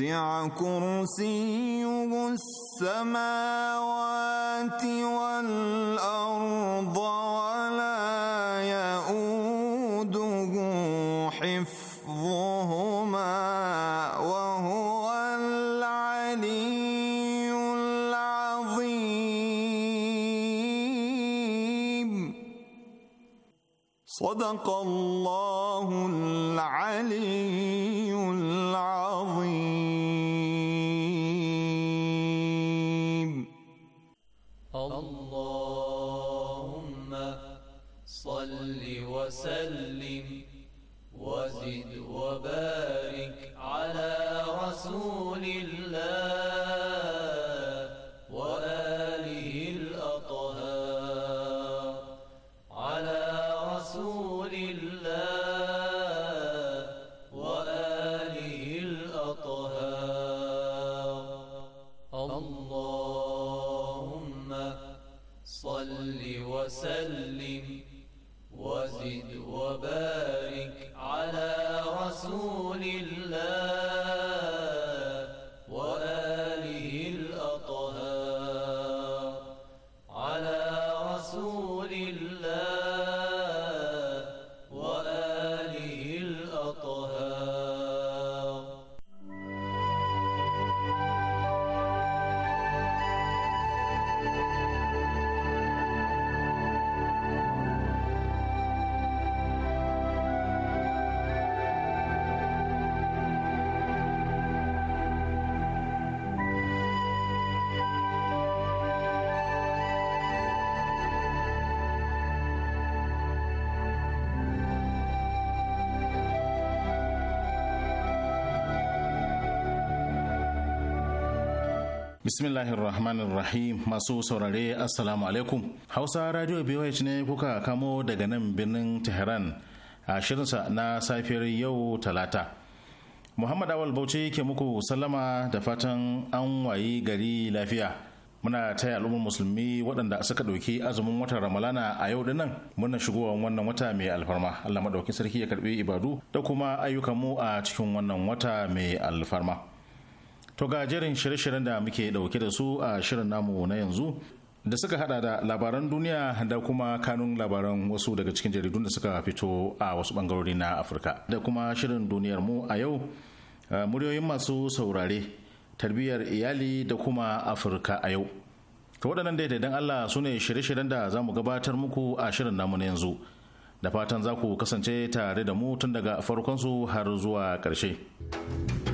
وسع كرسيه السماوات bismillahirrahmanirrahim masu saurare Assalamu alaikum. Hausa Radio BYH ne kuka kamo daga nan birnin Tehran a shirinsa na safiyar yau Talata. Muhammad Awal Bauchi ke muku sallama da fatan an wayi gari lafiya. Muna taya al'ummar musulmi waɗanda suka ɗauki azumin watan Ramalana a yau dinnan muna shigowa wannan wata mai alfarma. Allah maɗaukin sarki ya karɓi ibadu da kuma ayyukanmu a cikin wannan wata mai alfarma. To ga jerin shirye-shiryen da muke dauke da su a shirin namu na yanzu da suka hada da labaran duniya da kuma kanun labaran wasu daga cikin jaridun da suka fito a wasu bangarori na Afirka da kuma shirin duniyar mu a yau muryoyin masu saurare tarbiyyar iyali da kuma Afirka a yau. To waɗannan dai dan Allah su ne shirye-shiryen da za mu gabatar muku a shirin namu na yanzu. Da fatan za ku kasance tare da mu tun daga farkonsu har zuwa ƙarshe.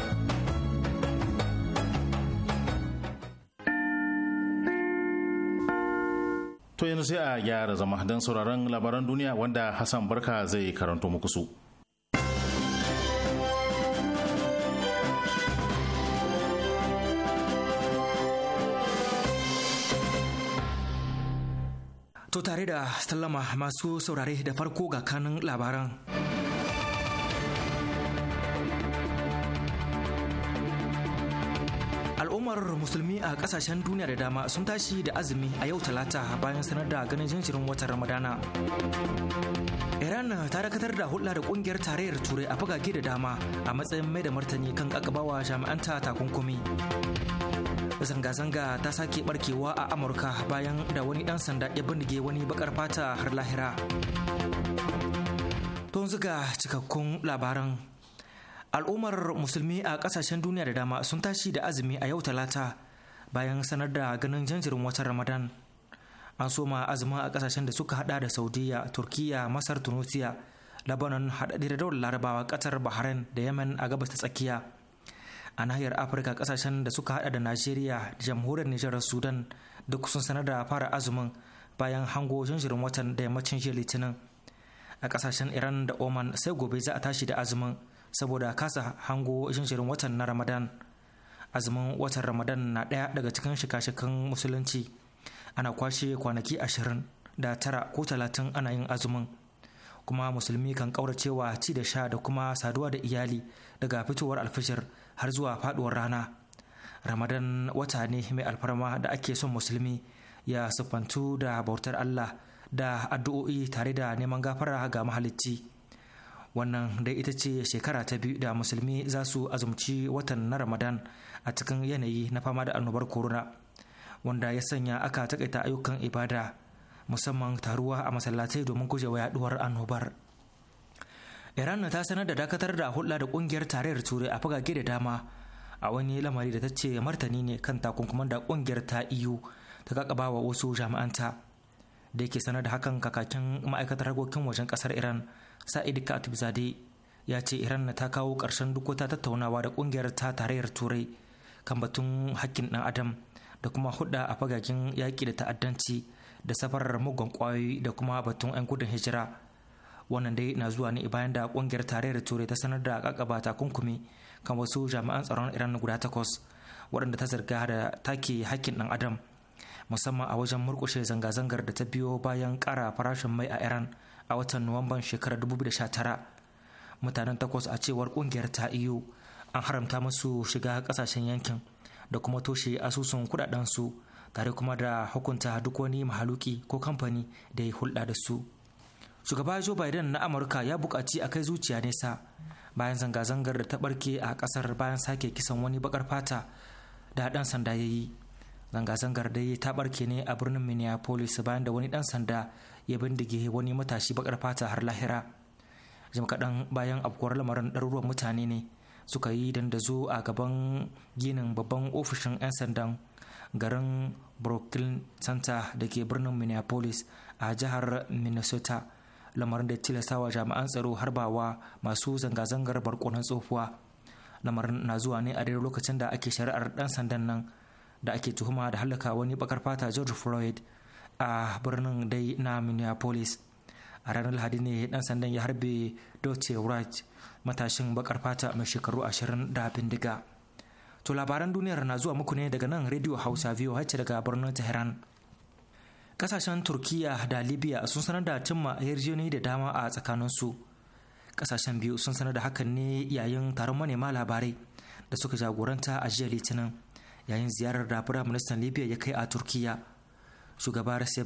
To yanzu sai a gyara zama don sauraron labaran duniya wanda Hassan Barka zai karanto muku su. To tare da sallama masu saurare da farko ga kanin labaran. musulmi a kasashen duniya da dama sun tashi da azumi a yau talata bayan sanar da ganin jinjirin watan ramadana iran ta dakatar da hulɗa da kungiyar tarayyar turai a fagage da dama a matsayin mai da martani kan kakabawa jami'anta takunkumi zanga-zanga ta sake barkewa a amurka bayan da wani dan sanda ya bindige wani bakar fata har lahira Tun zuga cikakkun labaran al'ummar musulmi a kasashen duniya da dama sun tashi da azumi a yau talata bayan sanar da ganin janjirin watan ramadan an soma azumin a kasashen da suka hada da saudiya turkiya masar tunisia labanon haɗaɗɗe da larabawa ƙasar bahrain da yemen a gabas ta tsakiya a nahiyar afirka kasashen da suka hada da najeriya jamhuriyar nijar sudan duk sun sanar da fara azumin bayan hango janjirin watan da yammacin jiya litinin a kasashen iran da oman sai gobe za a tashi da azumin saboda kasa hango shirin watan na ramadan azumin watan ramadan na ɗaya daga cikin shika-shikan musulunci ana kwashe kwanaki ashirin da tara ko talatin ana yin azumin kuma musulmi kan ƙauracewa ci da sha da kuma saduwa da iyali daga fitowar alfishir har zuwa faɗuwar rana ramadan wata ne mai alfarma da ake son musulmi ya siffantu da bautar allah da addu'o'i tare da neman gafara ga mahalicci wannan dai ita ce shekara ta biyu da musulmi za su azumci watan na ramadan a cikin yanayi na fama da annobar corona wanda ya sanya aka takaita ayyukan ibada musamman taruwa a masallatai domin gujewa yaduwar annobar iran ta sanar da dakatar da hulɗa da kungiyar tarayyar turai a fagage da dama a wani lamari da ta ce martani ne kan takunkuman da kungiyar ta iyu e ta kakabawa wasu jami'anta da yake sanar da hakan kakakin ma'aikatar harkokin wajen kasar iran sa'id katib zade ya ce iran ta kawo ƙarshen duk wata tattaunawa da ƙungiyar ta tarayyar turai kan batun hakkin ɗan adam da kuma hudda a fagagen yaƙi da ta'addanci da safarar mugun ƙwayoyi da kuma batun 'yan gudun hijira wannan dai na zuwa ne bayan da ƙungiyar tarayyar turai ta sanar da kakaba takunkumi kan wasu jami'an tsaron iran guda takwas waɗanda ta zarga da take hakkin ɗan adam musamman a wajen murƙushe zanga-zangar da ta biyo bayan ƙara farashin mai a iran a watan nuwamban shekarar 2019 mutanen takwas a cewar kungiyar ta iyo e an haramta masu shiga kasashen yankin da kuma toshe asusun su tare kuma da hukunta duk wani mahaluki ko kamfani da ya hulɗa da su shugaba joe biden na amurka ya bukaci a kai zuciya nesa bayan zanga-zangar da ta barke a kasar bayan sake kisan wani bakar fata da dan sanda ya yi zanga-zangar dai ta barke ne a birnin minneapolis bayan da wani dan sanda ya bindige wani matashi bakar fata har lahira jim kaɗan bayan afkuwar lamarin ɗaruruwan mutane ne suka yi dandazo a gaban ginin babban ofishin 'yan sandan garin brooklyn center da ke birnin minneapolis a jihar minnesota lamarin da tilastawa jami'an tsaro harbawa masu zanga-zangar barkonan tsohuwa lamarin na zuwa ne a daidai lokacin da ake shari'ar ɗan sandan nan da ake tuhuma da halaka wani bakar fata george floyd a birnin dai na minneapolis a ranar lahadi ne dan sandan ya harbe doce wright matashin bakar fata mai shekaru ashirin da bindiga to labaran duniyar na zuwa muku ne daga nan radio hausa voh daga birnin tehran kasashen turkiya da libya sun sanar da cimma yarjejeni da dama a tsakaninsu kasashen biyu sun sanar da hakan ne yayin taron manema labarai da suka jagoranta a jiya litinin yayin ziyarar da firayim ministan libya ya kai a turkiya shugaba recep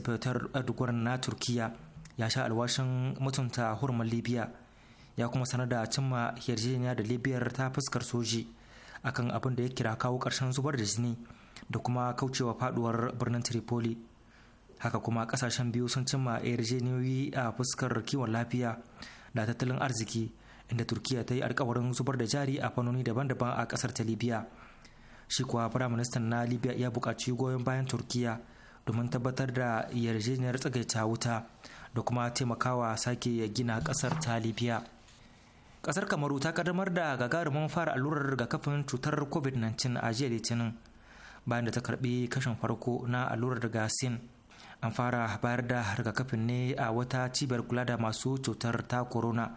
erdogan na turkiya ya sha alwashin mutunta hurman libya ya kuma sanar da cimma yarjejeniya da libyar ta fuskar soji akan abin da ya kira kawo karshen zubar da jini da kuma kaucewa faduwar birnin tripoli haka kuma kasashen biyu sun cimma yarjejeniyoyi a fuskar kiwon lafiya da tattalin arziki inda turkiya ta yi alkawarin zubar da jari a fannoni daban-daban a kasar ta libya shi kuwa firaministan na libya ya buƙaci goyon bayan turkiya domin tabbatar da yarjejeniyar tsagaita wuta da kuma taimakawa sake ya gina kasar ta libya kasar kamaru ta kaddamar da gagarumin fara allurar rigakafin cutar covid-19 a jiya litinin bayan da ta karbi kashin farko na allurar sin an fara bayar da rigakafin ne a wata cibiyar kula da masu cutar ta corona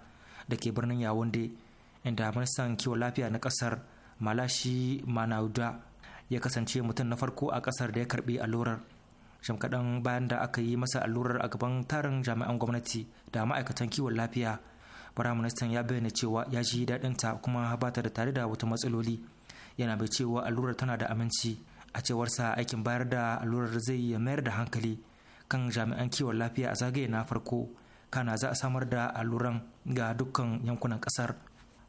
da ke birnin yawunde inda ministan kiwon lafiya na kasar malashi manauda ya kasance mutum na farko a kasar da ya karbi allurar jam kaɗan bayan da aka yi masa allurar a gaban tarin jami'an gwamnati da ma'aikatan kiwon lafiya firaministan ya bayyana cewa ya ji daɗin ta kuma ba ta da tare da wata matsaloli yana bai cewa allurar tana da aminci a cewarsa aikin bayar da allurar zai ya mayar da hankali kan jami'an kiwon lafiya a zagaye na farko kana za a samar da alluran ga dukkan yankunan kasar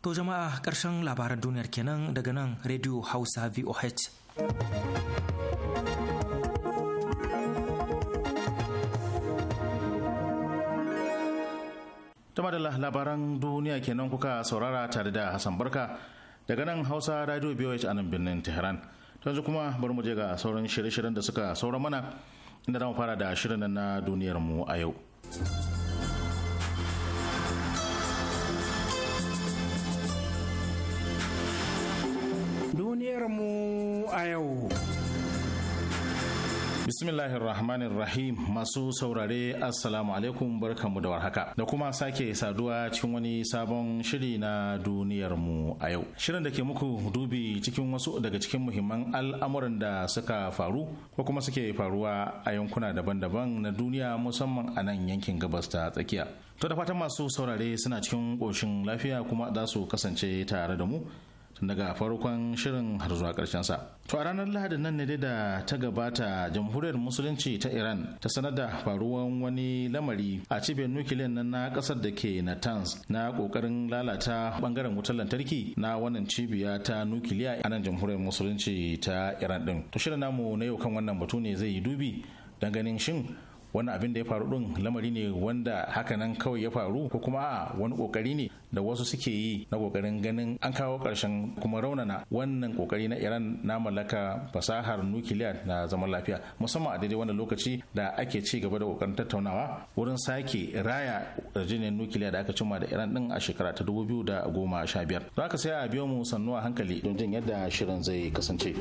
to jama'a karshen labaran duniyar kenan daga nan radio hausa voh da labaran duniya kenan kuka saurara tare da hassan barka daga nan hausa radio bih a nan birnin tehran yanzu kuma bari mu je ga sauran shirye-shiryen da suka saura mana inda za mu fara da shirin na duniyar mu a yau duniyar mu a yau Bismillahirrahmanirrahim masu saurare assalamu alaikum barkanmu da warhaka da kuma sake saduwa cikin wani sabon shiri na duniyarmu a yau. Shirin da ke muku dubi cikin wasu daga cikin muhimman al'amuran da suka faru ko kuma suke faruwa a yankuna daban-daban na duniya musamman a nan yankin gabas ta tsakiya. To da fatan masu saurare suna cikin ƙoshin lafiya kuma za su kasance tare da mu. daga farkon shirin har zuwa karshen sa. To a ranar Lahadi nan ne da ta gabata jamhuriyar musulunci ta Iran ta sanar da faruwan wani lamari a cibiyar nukiliyan nan na kasar da ke Natanz na kokarin lalata bangaren wutar lantarki na wannan cibiya ta nukiliya a nan jamhuriyar musulunci ta Iran ɗin To shirin namu na yau kan wannan batu ne zai yi dubi dan ganin shin wannan abin da ya faru din lamari ne wanda hakanan kawai ya faru ko kuma a wani kokari ne da wasu suke yi na kokarin ganin an kawo karshen kuma raunana wannan kokari na iran na mallaka fasahar nukiliya na zaman lafiya musamman a daidai wannan lokaci da ake ci gaba da kokarin tattaunawa wurin sake raya rajinin nukiliya da aka cimma da iran din a shekara ta dubu biyu da goma sha biyar. Za ka sai a biyo mu sannu a hankali don jin yadda shirin zai kasance.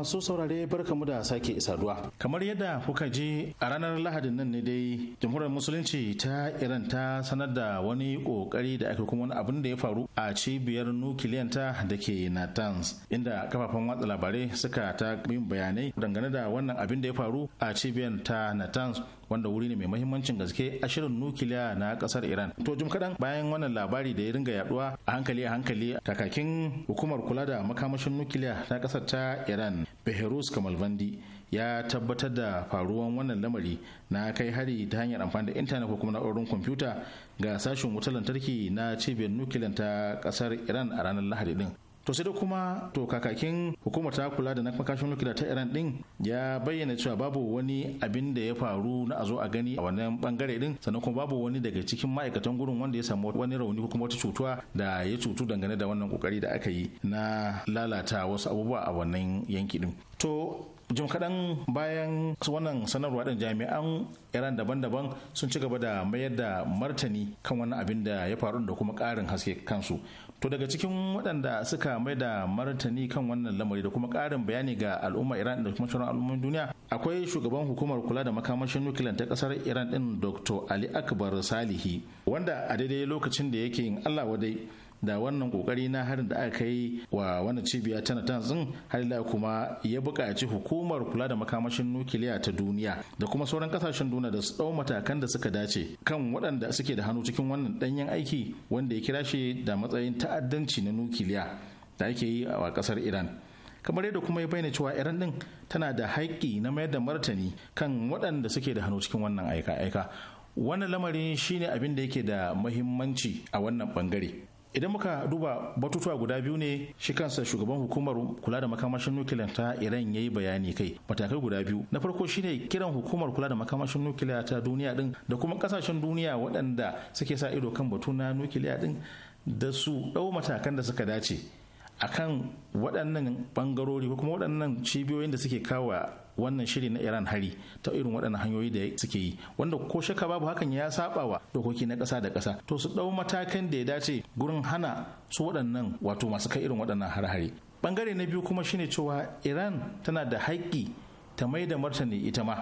masu saurare barkamu da sake saduwa. Kamar yadda kuka ji a ranar Lahadin nan ne dai jamhuriyar musulunci ta Iran ta sanar da wani kokari da aka kuma wani abin da ya faru a cibiyar nukiliyanta da ke Natanz inda kafafen watsa labarai suka ta yin bayanai dangane da wannan abin da ya faru a cibiyar ta Natanz wanda wuri ne mai mahimmancin gaske a shirin nukiliya na kasar Iran. To jim kaɗan bayan wannan labari da ya ringa yaduwa a hankali a hankali kakakin hukumar kula da makamashin nukiliya na kasar ta Iran beherus kamalvandi ya tabbatar da faruwan wannan lamari na kai hari ta hanyar amfani da intanet ko kuma na'urorin kwamfuta ga sashen wutar lantarki na cibiyar nukiliyar ta kasar iran a ranar lahadi din to sai da kuma to kakakin hukumar ta kula da na makashin nukiliya ta iran din ya bayyana cewa babu wani abin da ya faru na a zo a gani a wannan bangare din sannan kuma babu wani daga cikin ma'aikatan gurin wanda ya samu wani rauni ko kuma wata cutuwa da ya cutu dangane da wannan kokari da aka yi na lalata wasu abubuwa a wannan yanki din to jim kaɗan bayan wannan sanarwa ɗin jami'an iran daban-daban sun ci gaba da mayar da martani kan wannan abin da ya faru da kuma ƙarin haske kansu To daga cikin waɗanda suka mai da martani kan wannan lamari da kuma ƙarin bayani ga al'umma Iran da kuma sauran al'ummar duniya akwai shugaban hukumar kula da makamashin nukiliyan ta ƙasar Iran ɗin Dr. Ali Akbar Salihi wanda a daidai lokacin da yake yin Allah wadai da wannan kokari na harin da aka yi wa wannan cibiya tana tana har halila kuma ya buƙaci hukumar kula da makamashin nukiliya ta duniya da kuma sauran kasashen duniya da su ɗau matakan da suka dace kan waɗanda suke da hannu cikin wannan ɗanyen aiki wanda ya kira shi da matsayin ta'addanci na nukiliya da ake yi a ƙasar iran kamar yadda kuma ya bayyana cewa iran din tana da haƙƙi na mayar da martani kan waɗanda suke da hannu cikin wannan aika-aika wannan lamarin shine abin da yake da mahimmanci a wannan bangare idan muka duba batutuwa guda biyu ne shi kansa shugaban hukumar kula da makamashin nukiliya ta iran ya yi bayani kai matakai guda biyu na farko shine kiran hukumar kula da makamashin nukiliya ta duniya din da kuma kasashen duniya waɗanda suke sa ido kan batu na nukiliya din da su ɗau matakan da suka dace akan waɗannan bangarori ko kuma waɗannan cibiyoyin da suke kawo wannan shiri na iran hari ta irin waɗannan hanyoyi da suke yi wanda ko shaka babu hakan ya saba wa dokoki na ƙasa da ƙasa to su ɗau matakan da ya dace gurin hana su waɗannan wato masu kai irin waɗannan har-hare bangare na biyu kuma shine cewa iran tana da haƙƙi ta mai da martani ita ma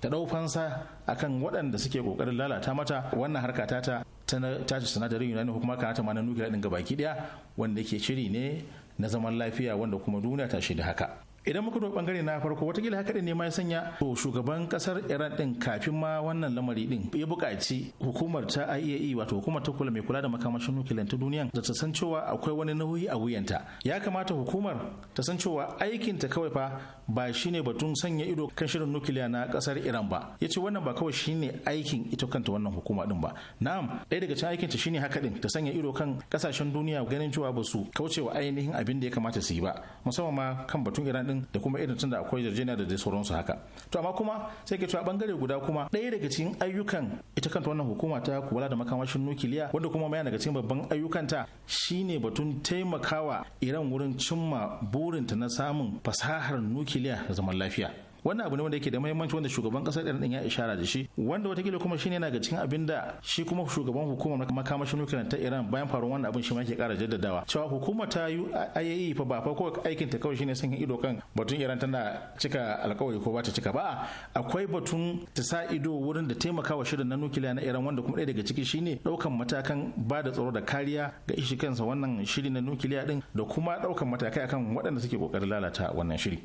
ta ɗau fansa akan waɗanda suke ƙoƙarin lalata mata wannan harka ta ta ci sinadarin yunani hukuma kuma kanata mana na nukiliya gabaki ɗaya wanda ke shiri ne na zaman lafiya wanda kuma duniya ta shi da haka idan muka duba bangare na farko watakila haka ne ma ya sanya to shugaban kasar iran din kafin ma wannan lamari din ya buƙaci hukumar ta IAEA e, wato hukumar ta kula mai kula da makamashin nukiliyar ta duniya da ta san cewa akwai wani nauyi a wuyanta ya kamata hukumar ta san cewa aikin ta kawai fa ba shine batun sanya ido kan shirin nukiliya na kasar Iran ba ya ce wannan ba kawai shine aikin ita kanta wannan hukuma din ba na'am ɗaya daga cikin aikinta shine haka din ta sanya ido kan kasashen duniya ganin cewa ba su wa ainihin abin da ya kamata su yi ba musamman ma kan batun Iran din da kuma irin tunda akwai yarjejeniya da dai sauransu haka to amma kuma sai ke cewa bangare guda kuma ɗaya daga cikin ayyukan ita kanta wannan hukuma ta kula da makamashin nukiliya wanda kuma yana daga cikin babban ayyukanta shine batun taimakawa Iran wurin cimma burinta na samun fasahar nukiliya da zaman lafiya wannan abu ne wanda yake da muhimmanci wanda shugaban kasar iran din ya ishara da shi wanda watakila kuma shine yana ga cikin abin da shi kuma shugaban hukumar makamashin nukiliyar ta iran bayan faruwar wannan abin shi ma ke kara jaddadawa cewa hukumar ta yi e fa ba fa ko aikin ta kawai shine sun ido kan batun iran tana cika alkawari ko ba ta cika ba akwai batun ta sa ido wurin da taimakawa shirin na nukiliya na iran wanda kuma ɗaya daga ciki ne ɗaukan matakan ba da tsaro da kariya ga ishi kansa wannan shiri na nukiliya din da kuma ɗaukan matakai akan waɗanda suke ƙoƙarin lalata wannan shiri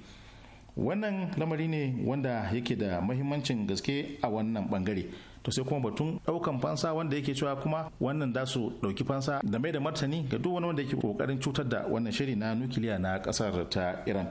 wannan lamari ne wanda yake da mahimmancin gaske a wannan bangare to sai kuma batun daukan fansa wanda yake cewa kuma wannan da su dauki fansa da mai da martani ga duk wani wanda yake kokarin cutar da wannan shiri na nukiliya na kasar ta iran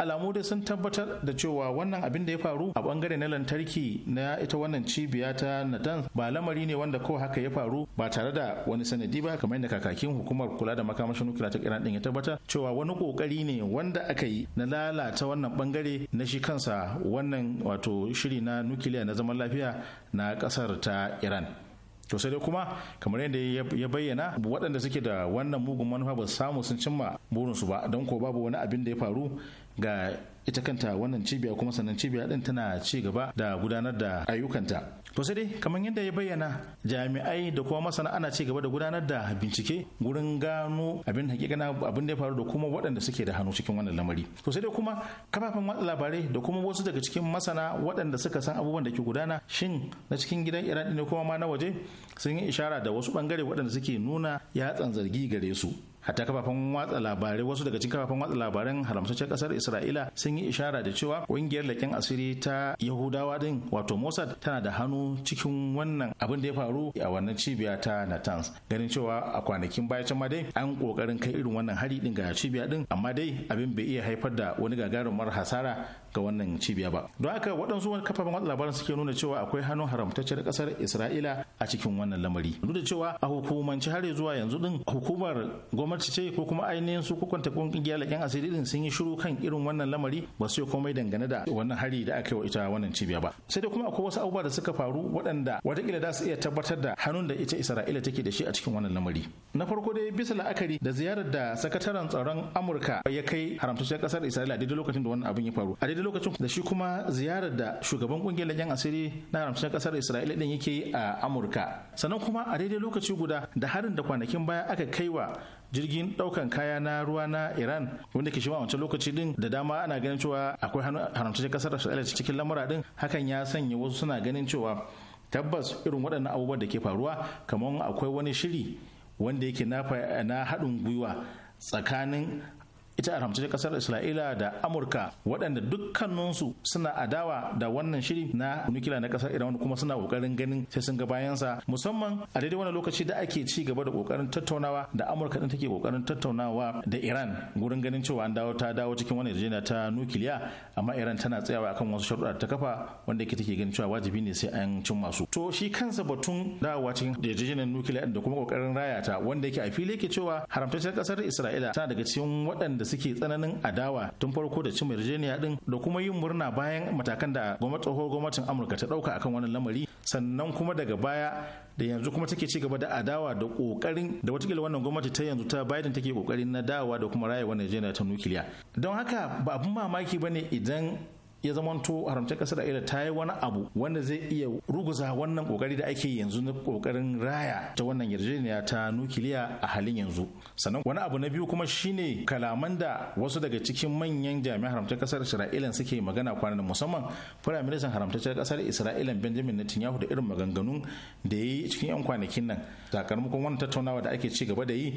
alamu dai sun tabbatar da cewa wannan abin da ya faru a bangare na lantarki na ita wannan cibiya ta nadan ba lamari ne wanda ko haka ya faru ba tare da wani sanadi ba kamar yadda kakakin hukumar kula da makamashin nukiliya ta iran din ya tabbatar cewa wani kokari ne wanda aka yi na lalata wannan bangare na shi kansa wannan wato shiri na nukiliya na zaman lafiya na kasar ta iran to sai dai kuma kamar yadda ya bayyana waɗanda suke da wannan mugun manufa ba samu sun cimma burinsu ba don ko babu wani abin da ya faru ga ita kanta wannan cibiya kuma sannan cibiya din tana ci gaba da gudanar da ayyukanta to sai dai kamar yadda ya bayyana jami'ai da kuma masana ana ci gaba da gudanar da bincike gurin gano abin hakikana abin da ya faru da kuma waɗanda suke da hannu cikin wannan lamari to sai dai kuma kafafen watsa labarai da kuma wasu daga cikin masana waɗanda suka san abubuwan da ke gudana shin na cikin gidan iran ne kuma ma na waje sun yi ishara da wasu bangare waɗanda suke nuna yatsan zargi gare su hatta kafafen watsa labarai wasu daga cikin kafafen watsa labaran haramtaccen kasar isra'ila sun yi ishara da cewa ƙungiyar leƙen asiri ta yahudawa din wato mossad tana da hannu cikin wannan abin da ya faru a wannan cibiya ta natanz ganin cewa a kwanakin baya can ma dai an kokarin kai irin wannan hari din ga cibiya din amma dai abin bai iya haifar da wani gagarumar hasara ga wannan cibiya ba don haka waɗansu wani kafafen watsa labaran suke nuna cewa akwai hannun haramtacciyar ƙasar isra'ila a cikin wannan lamari duk da cewa a hukumance har zuwa yanzu din hukumar gwamnati ce ko kuma ainihin su hukunta kungiyar laƙen asiri din sun yi shiru kan irin wannan lamari ba su komai dangane da wannan hari da aka yi wa ita wannan cibiya ba sai dai kuma akwai wasu abubuwa da suka faru waɗanda watakila za su iya tabbatar da hannun da ita isra'ila take da shi a cikin wannan lamari na farko dai bisa la'akari da ziyarar da sakataren tsaron amurka ya kai haramtacciyar ƙasar isra'ila a daidai lokacin da wannan abin ya faru daidai lokacin da shi kuma ziyarar da shugaban kungiyar yan asiri na ramshin kasar isra'ila din yake a amurka sannan kuma a daidai lokaci guda da harin da kwanakin baya aka kaiwa jirgin daukan kaya na ruwa na iran wanda ke shi wancan lokaci din da dama ana ganin cewa akwai haramtaccen kasar isra'ila cikin lamura din hakan ya sanya wasu suna ganin cewa tabbas irin waɗannan abubuwan da ke faruwa kamar akwai wani shiri wanda yake na haɗin gwiwa tsakanin ita haramci kasar isra'ila da amurka waɗanda dukkaninsu suna adawa da wannan shiri na nukila na kasar iran kuma suna kokarin ganin sai sun ga bayansa musamman a daidai wani lokaci da ake ci gaba da kokarin tattaunawa da amurka din take kokarin tattaunawa da iran gurin ganin cewa an dawo ta dawo cikin wani yarjejeniya ta nukiliya amma iran tana tsayawa akan wasu sharuɗa ta kafa wanda ke take ganin cewa wajibi ne sai an cin masu to shi kansa batun dawowa cikin yarjejeniyar nukiliya da kuma kokarin raya wanda yake a fili yake cewa haramtacciyar kasar isra'ila tana daga cikin waɗanda suke tsananin adawa tun farko da cimma yarjejeniya din da kuma yin murna bayan matakan da gwamnati tsohuwar gwamnatin amurka ta dauka akan wannan lamari sannan kuma daga baya da yanzu kuma take ci gaba da adawa da kokarin da watakila wannan gwamnati ta yanzu ta Biden take kokarin na dawa da kuma rayuwar Najeriya ta nukiliya don haka ba abun mamaki bane idan ya zamanto haramta kasar ila ta yi wani abu wanda zai iya ruguza wannan kokari da ake yanzu na kokarin raya ta wannan yarjejeniya ta nukiliya a halin yanzu sannan wani abu na biyu kuma shine kalaman da wasu daga cikin manyan jami'an haramta kasar Isra'ila suke magana kwanan musamman firayim ministan haramtacciyar kasar Isra'ila Benjamin Netanyahu da irin maganganun da ya yi cikin 'yan kwanakin nan sakamakon wannan tattaunawa da ake ci gaba da yi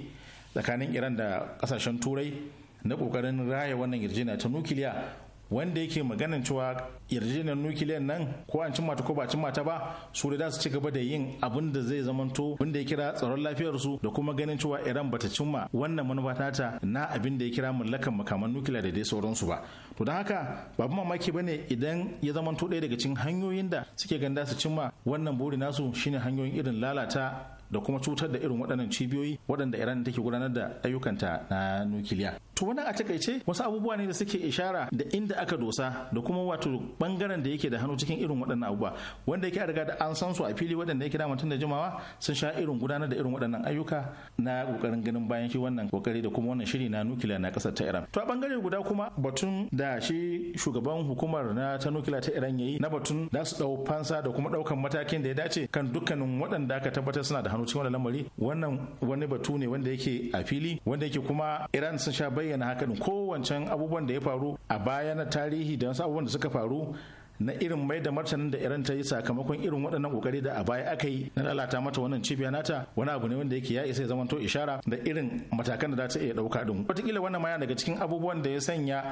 tsakanin Iran da kasashen Turai na kokarin raya wannan yarjejeniya ta nukiliya wanda yake maganin cewa yarjejeniyar nukiliyar nan ko an cimma ta ko ba cimma ta ba su da su ci gaba da yin abin da zai zamanto wanda ya kira tsaron lafiyar su da kuma ganin cewa Iran bata cimma wannan manufa tata na abin da ya kira mallakan makaman nukiliya da dai sauransu ba to don haka babu mamaki bane idan ya zamanto ɗaya daga cikin hanyoyin da suke ganda su cimma wannan buri nasu shine hanyoyin irin lalata da kuma cutar da irin waɗannan cibiyoyi waɗanda Iran take gudanar da ayyukanta na nukiliya To wannan a takaice wasu abubuwa ne da suke ishara da inda aka dosa da kuma wato bangaren da yake da hannu cikin irin waɗannan abubuwa wanda yake riga da an san su a fili waɗanda yake da tun da jimawa sun sha irin gudanar da irin waɗannan ayyuka na kokarin ganin bayan shi wannan kokari da kuma wannan shiri na nukiliya na ƙasar ta Iran. To a bangare guda kuma batun da shi shugaban hukumar na ta nukiliya ta Iran yayi na batun da su dau fansa da kuma ɗaukan matakin da ya dace kan dukkanin waɗanda aka tabbatar suna da hannu cikin wannan lamari wannan wani batu ne wanda yake a fili wanda yake kuma Iran sun sha bayyana hakan kowancan abubuwan da ya faru a baya na tarihi da wasu abubuwan da suka faru na irin mai da martanin da iran ta yi sakamakon irin waɗannan kokari da a baya aka yi na lalata mata wannan cibiya nata wani abu ne wanda yake ya isa ya to ishara da irin matakan da za ta iya ɗauka ɗin wataƙila wannan ma yana daga cikin abubuwan da ya sanya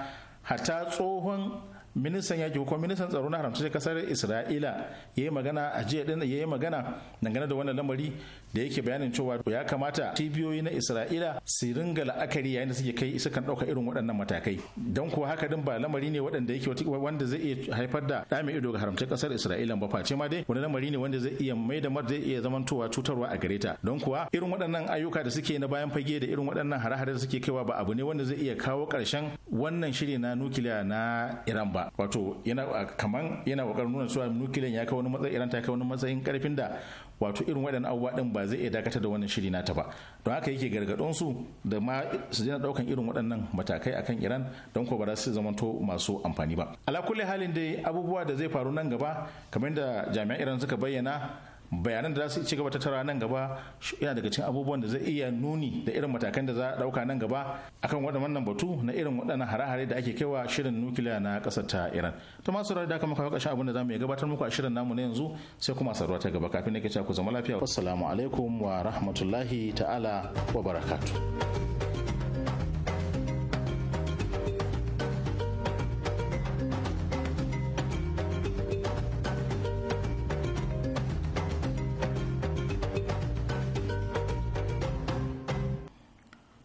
hatta tsohon ministan yaki ko ministan tsaro na haramta kasar isra'ila ya yi magana a jiya din ya yi magana dangane da wannan lamari da yake bayanin cewa ya kamata cibiyoyi na isra'ila su ringa la'akari yayin da suke kai isa kan ɗauka irin waɗannan matakai don kuwa haka din ba lamari ne waɗanda yake wanda zai iya haifar da ɗame ido ga haramcin ƙasar isra'ila ba face ma dai wani lamari ne wanda zai iya mai da mar zai iya zamantowa cutarwa a gare ta don kuwa irin waɗannan ayyuka da suke na bayan fage da irin waɗannan hare-hare da suke kaiwa ba abu ne wanda zai iya kawo ƙarshen wannan shiri na nukiliya na iran ba wato yana kaman yana ƙoƙarin nuna cewa nukiliyan ya kai wani matsayin iran ta kai wani matsayin ƙarfin da wato irin waɗannan abubuwa ɗin ba zai iya dakatar da wannan shiri nata ba don haka yake gargaɗon su da ma su daina ɗaukan irin waɗannan matakai akan Iran don ko ba za su zamanto masu amfani ba ala kulle halin dai abubuwa da zai faru nan gaba kamar da jami'an Iran suka bayyana bayanan da za su ci gaba tara nan gaba yana daga cikin abubuwan da zai iya nuni da irin matakan da za a dauka nan gaba akan waɗannan batu na irin waɗannan hare-hare da ake kaiwa shirin nukiliya na ƙasar ta Iran ta masu da aka maka ƙarshen abin da zamu gabatar muku a shirin namu na yanzu sai kuma sarwa ta gaba kafin nake cewa ku zama lafiya assalamu alaikum wa rahmatullahi ta'ala wa barakatuh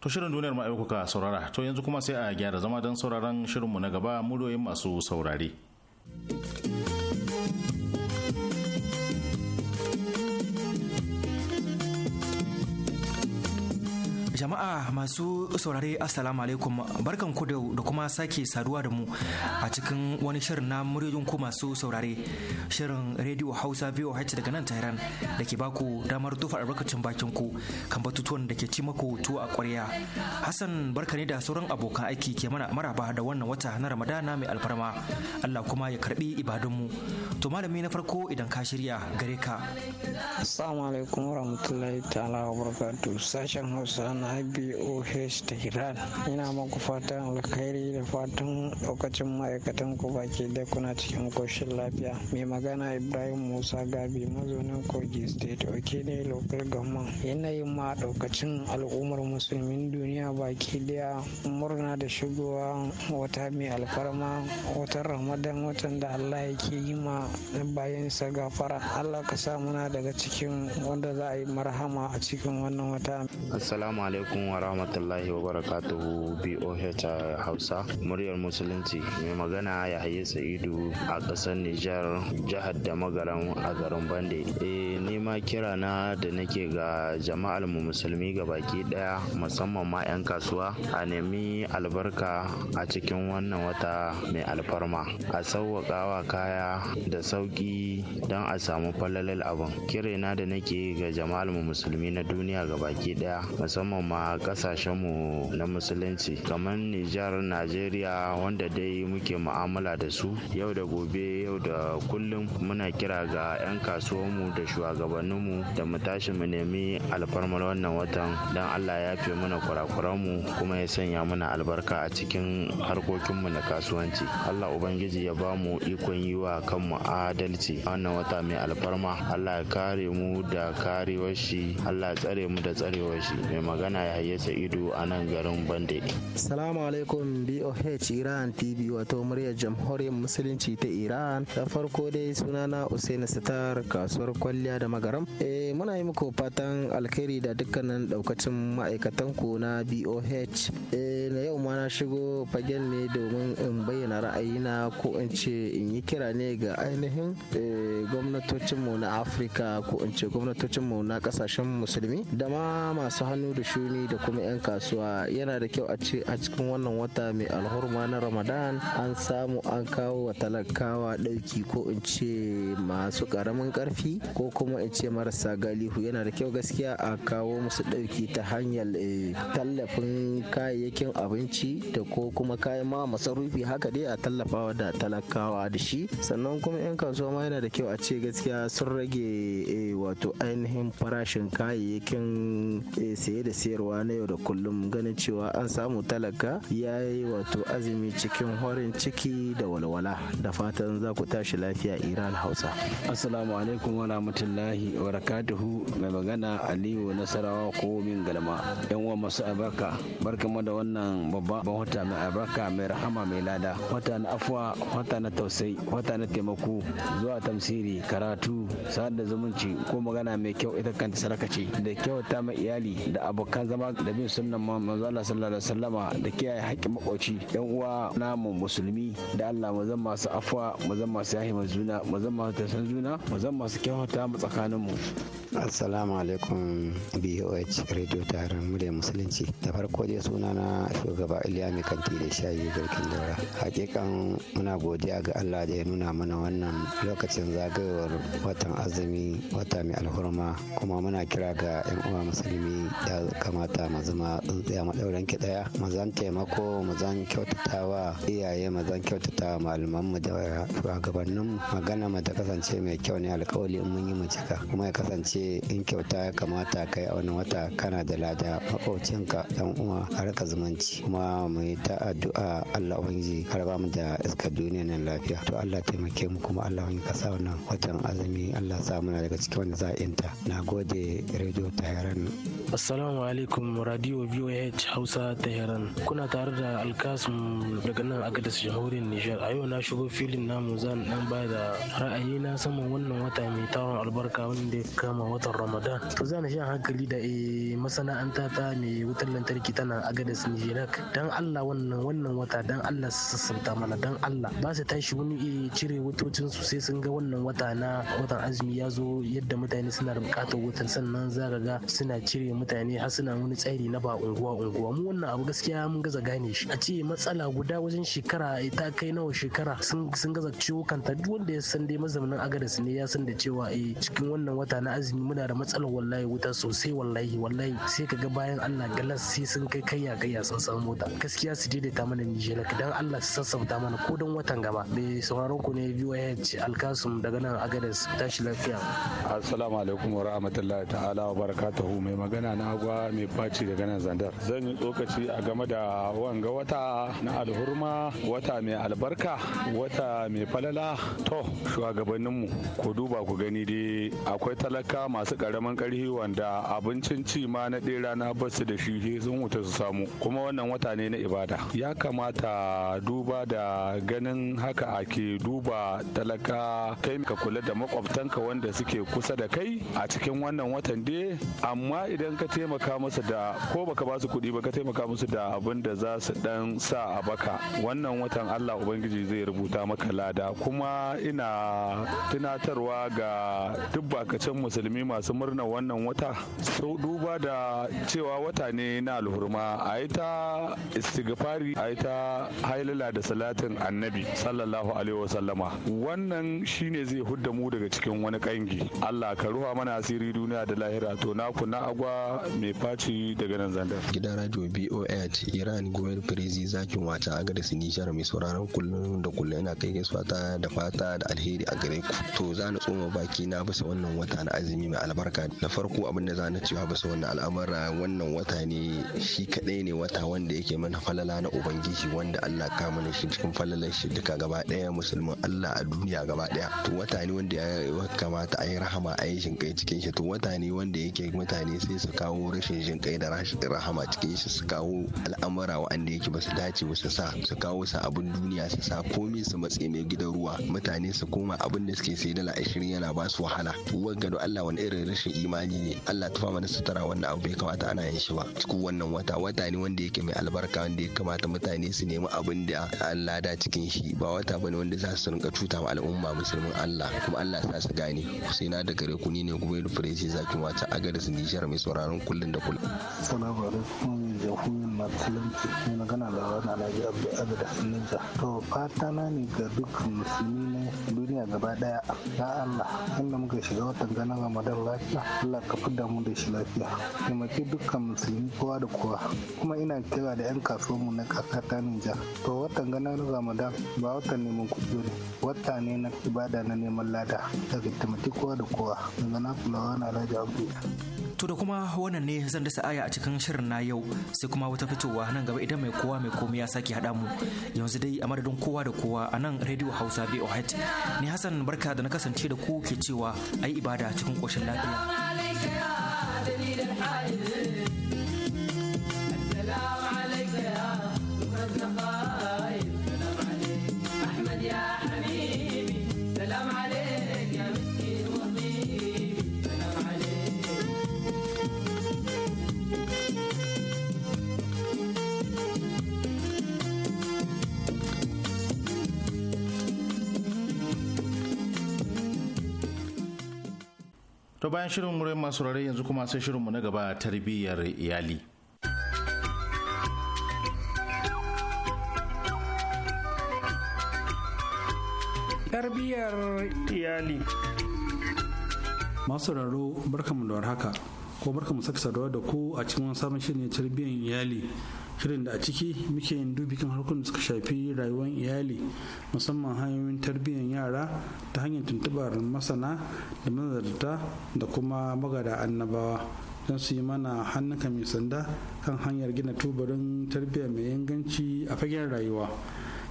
To shirin duniyar ma'aikuka saurara to yanzu kuma sai a gyara zama don sauraron shirinmu na gaba muryoyin masu saurare. Jama'a masu saurare Assalamu alaikum barkan ku da kuma sake saduwa da mu a cikin wani shirin na muryoyin ku masu saurare shirin Radio Hausa biyu VOH daga nan Tehran da ke baku damar tufa albarkacin bakin ku kan batutuwan da ke ci maku tuwa a ƙwarya. Hassan barka ne da sauran abokan aiki ke mana maraba da wannan wata na Ramadana mai alfarma. Allah kuma ya karbi mu To malami na farko idan ka shirya gare ka. Assalamu alaikum warahmatullahi ta'ala wa barakatuh. Sashen Hausa na na boh tehran ina maku fatan alkhairi da fatan lokacin ma'aikatan ku baki da kuna cikin koshin lafiya mai magana ibrahim musa gabi mazaunin kogi state oke ne local government yanayin ma daukacin al'ummar musulmin duniya baki daya murna da shigowa wata mai alfarma watan ramadan watan da allah yake yi ma bayan sa gafara allah ka sa muna daga cikin wanda za a yi marhama a cikin wannan wata assalamu alaikum wa rahmatullahi wa barakatuhu BOH Hausa muryar musulunci mai magana ya haye sa'idu a ƙasar Nijar jihar da magaran a garin Bande. Eh ni ma kira na da nake ga jama'ar mu musulmi ga baki daya musamman ma 'yan kasuwa a nemi albarka a cikin wannan wata mai alfarma a sauwaƙawa kaya da sauƙi don a samu falalal abin kirena da nake ga jama'ar mu musulmi na duniya ga baki daya musamman kuma kasashenmu na musulunci kamar nijar najeriya wanda dai muke mu'amala da su yau da gobe yau da kullum muna kira ga 'yan kasuwanmu da shugabanninmu da mu tashi mu nemi alfarmar wannan watan don allah ya fi mana kurakuranmu kuma ya sanya mana albarka a cikin harkokinmu na kasuwanci allah ubangiji ya ba mu ikon yi wa kanmu adalci wannan wata mai alfarma allah ya kare mu da karewar shi allah ya tsare mu da tsarewar shi mai magana ana yaya ido a nan garin bande salamu alaikum boh iran tv wato muryar jamhuriyar musulunci ta iran da farko dai sunana usain sitar kasuwar kwalliya da magaram e, muna yi muku fatan alkhairi da dukkanin daukacin ma'aikatan ku na boh e, eh, na yau ma na shigo fagen ne domin in bayyana ra'ayina ko in ce in yi kira ne ga ainihin eh, gwamnatocinmu na afirka ko in ce gwamnatocinmu na kasashen musulmi da ma masu hannu da shu fili da kuma 'yan kasuwa yana da kyau a ce a cikin wannan wata mai alhurma na ramadan an samu an kawo wa talakawa ɗauki ko in ce masu ƙaramin ƙarfi ko kuma in ce marasa galihu yana da kyau gaskiya a kawo musu ɗauki ta hanyar eh, tallafin kayayyakin abinci da ko kuma kayan ma masarufi haka dai a tallafawa da talakawa da shi sannan kuma 'yan kasuwa ma yana da kyau a ce gaskiya sun rage eh, wato ainihin farashin kayayyakin eh, saye da sayar koyarwa na yau da kullum ganin cewa an samu talaka ya yi wato azumi cikin horin ciki da walwala da fatan za ku tashi lafiya iran hausa assalamu alaikum wa rahmatullahi wa barakatuhu mai magana aliyu nasarawa ko min galma yan uwa masu albarka barka mu da wannan babban wata mai albarka mai rahama mai lada wata na afwa wata na tausayi wata na taimako zuwa tamsiri karatu sa'ad da zumunci ko magana mai kyau ita kanta ta da da ta mai iyali da abokan zama da bin sunnan manzo Allah sallallahu alaihi wasallama da kiyaye haƙƙin makoci yan uwa namu musulmi da Allah mu zama masu afwa mu zama masu yahi juna mu zama masu tasan juna mu zama masu kyauta mu tsakanin mu assalamu alaikum BOH radio taron murya musulunci da farko dai suna na shugaba Iliya mai kanti da shayi garkin daura hakikan muna godiya ga Allah da ya nuna mana wannan lokacin zagayowar watan azumi wata mai alhurma kuma muna kira ga yan uwa musulmi da kamata mu zama tsintsiya maɗaurin ki ɗaya mu zan taimako mu zan kyautatawa iyaye mu zan kyautatawa malaman mu da shugabannin magana mu ta kasance mai kyau ne alkawali in mun yi mu cika kuma ya kasance in kyauta ya kamata kai a wani wata kana da lada ka dan uwa a raka zumunci kuma mu yi ta addu'a Allah ubangiji har ba mu da iskar duniya nan lafiya to Allah taimake mu kuma Allah wani kasa wannan watan azumi Allah sa muna daga cikin wanda za a yanta na gode rediyo ta yaran assalamu alaikum radio VOH Hausa Tehran. Kuna tare da Alkasum daga nan a Agadas Jamhuriyar Nijar. A yau na shigo filin namu zan dan ba da ra'ayi na saman wannan wata mai tawon albarka wanda ya kama watan Ramadan. To zan shan hankali da eh, masana'anta ta mai wutar lantarki tana su Nijirak. Dan Allah wannan wannan wata dan Allah su sassanta mana dan Allah. Ba su tashi wani eh, cire wutocin su sai sun ga wannan wata na watan azumi ya zo yadda mutane suna bukatar wutan sannan za ga suna cire mutane har suna wani tsari na ba unguwa unguwa mu wannan abu gaskiya mun gaza gane shi a ce matsala guda wajen shekara eh, ta kai nawa shekara sun gaza ciwo kanta duk wanda ya san dai mazaunin agadas ne ya san da cewa eh cikin wannan wata na azumi muna da matsalar wallahi wuta sosai wallahi wallahi sai ka ga bayan Allah galas sai sun kai kayya kayya sun samu mota gaskiya su daidaita mana Nijar dan Allah su sassauta mana ko don watan gaba me sauraron ku ne VOH Alkasum daga nan agadas tashi lafiya assalamu alaikum wa rahmatullahi ta'ala wa barakatuhu mai magana na agwa mai faci daga nan zandar zan yi tsokaci a game da wanga wata na alhurma wata mai albarka wata mai falala to shugabanninmu ku duba ku gani dai akwai talaka masu karamin karhi wanda abincin ci ma na ɗera na basu da shi sun wuta su samu kuma wannan wata ne na ibada ya kamata duba da ganin haka ake duba talaka kai ka kula da makwabtanka wanda suke kusa da kai a cikin wannan watan dai amma idan ka taimaka musu da ko baka ba su kuɗi ba ka taimaka musu da abin da za su dan sa a baka wannan watan Allah ubangiji zai rubuta maka lada kuma ina tunatarwa ga duk bakacin musulmi masu murna wannan wata Sau duba da cewa wata ne na alhurma a yi ta istighfari a yi ta hailala da salatin annabi sallallahu alaihi wasallama wannan shine zai hudda mu daga cikin wani kangi Allah ka ruha mana asiri duniya da lahira to ku na agwa mai Malumfashi daga nan zandar. Gidan radio BOH Iran Goyar Firizi zakin wata a gadis Nijar mai sauraron kullum da kullum yana kai gaisuwa ta da fata da alheri a gare ku. To za na tsoma baki na bisa wannan wata na azumi mai albarka. Na farko abin da za na cewa bisa wannan al'amura wannan wata ne shi kadai ne wata wanda yake mana falala na Ubangiji wanda Allah ka mana shi cikin falalar shi duka gaba daya musulmin Allah a duniya gaba daya. To wata ne wanda ya kamata a yi rahama a yi shinkai cikin shi. To wata ne wanda yake mutane sai su kawo rashin jin kai da rahama cikin shi su kawo al'amura wa'anda yake ba su dace ba su sa su kawo sa abin duniya su sa komai su matse mai gidan ruwa mutane su koma abin da suke sai dala ashirin yana ba su wahala wanga da Allah wani irin rashin imani ne Allah ta fama da sutura wannan abu bai kamata ana yin shi ba cikin wannan wata wata ne wanda yake mai albarka wanda ya kamata mutane su nemi abin da Allah da cikin shi ba wata bane wanda za su rinka cuta ma al'umma musulmin Allah kuma Allah sa su gane sai na da gare ku ne ne kuma da fure sai zakin wata agar su mai sauraron kullum da kullum Salamu alaikum jamhuriyar Musulunci na gana da wani Alhaji da da Nija. To fata na ne ga dukkan musulmi na duniya gaba daya. Ya Allah inda muka shiga watan ga Ramadan lafiya Allah ka fi damu da shi lafiya. Taimaki dukkan musulmi kowa da kowa. Kuma ina kira da 'yan kasuwanmu na ƙasa ta Nija. To watan na Ramadan ba watan neman kudu ne. Wata ne na ibada na neman lada. Daga taimaki kowa da kowa. Daga na kulawa na Alhaji abu To da kuma wannan ne zan dasa aya a cikin shirin na yau sai kuma wata fitowa nan gaba idan mai kowa mai komai ya sake haɗa mu yanzu dai a madadin kowa da kowa a nan Radio Hausa BOH ni Hassan barka da na kasance da ku ke cewa ai ibada cikin koshin lafiya. to bayan shirin mure masu rarai yanzu kuma sai shirinmu na gaba tarbiyyar iyali tarbiyyar iyali masu raro barkamu da warhaka ko barkamu saka saduwa da ku a cikin wani sabon shirin tarbiyyar iyali shirin da a ciki muke yin dubi kan harkokin da suka shafi rayuwar iyali musamman hanyoyin tarbiyyar yara ta hanyar tuntubar masana da manzarta da kuma magada annabawa don su yi mana hannuka mai sanda kan hanyar gina tubarin tarbiyya mai inganci a fagen rayuwa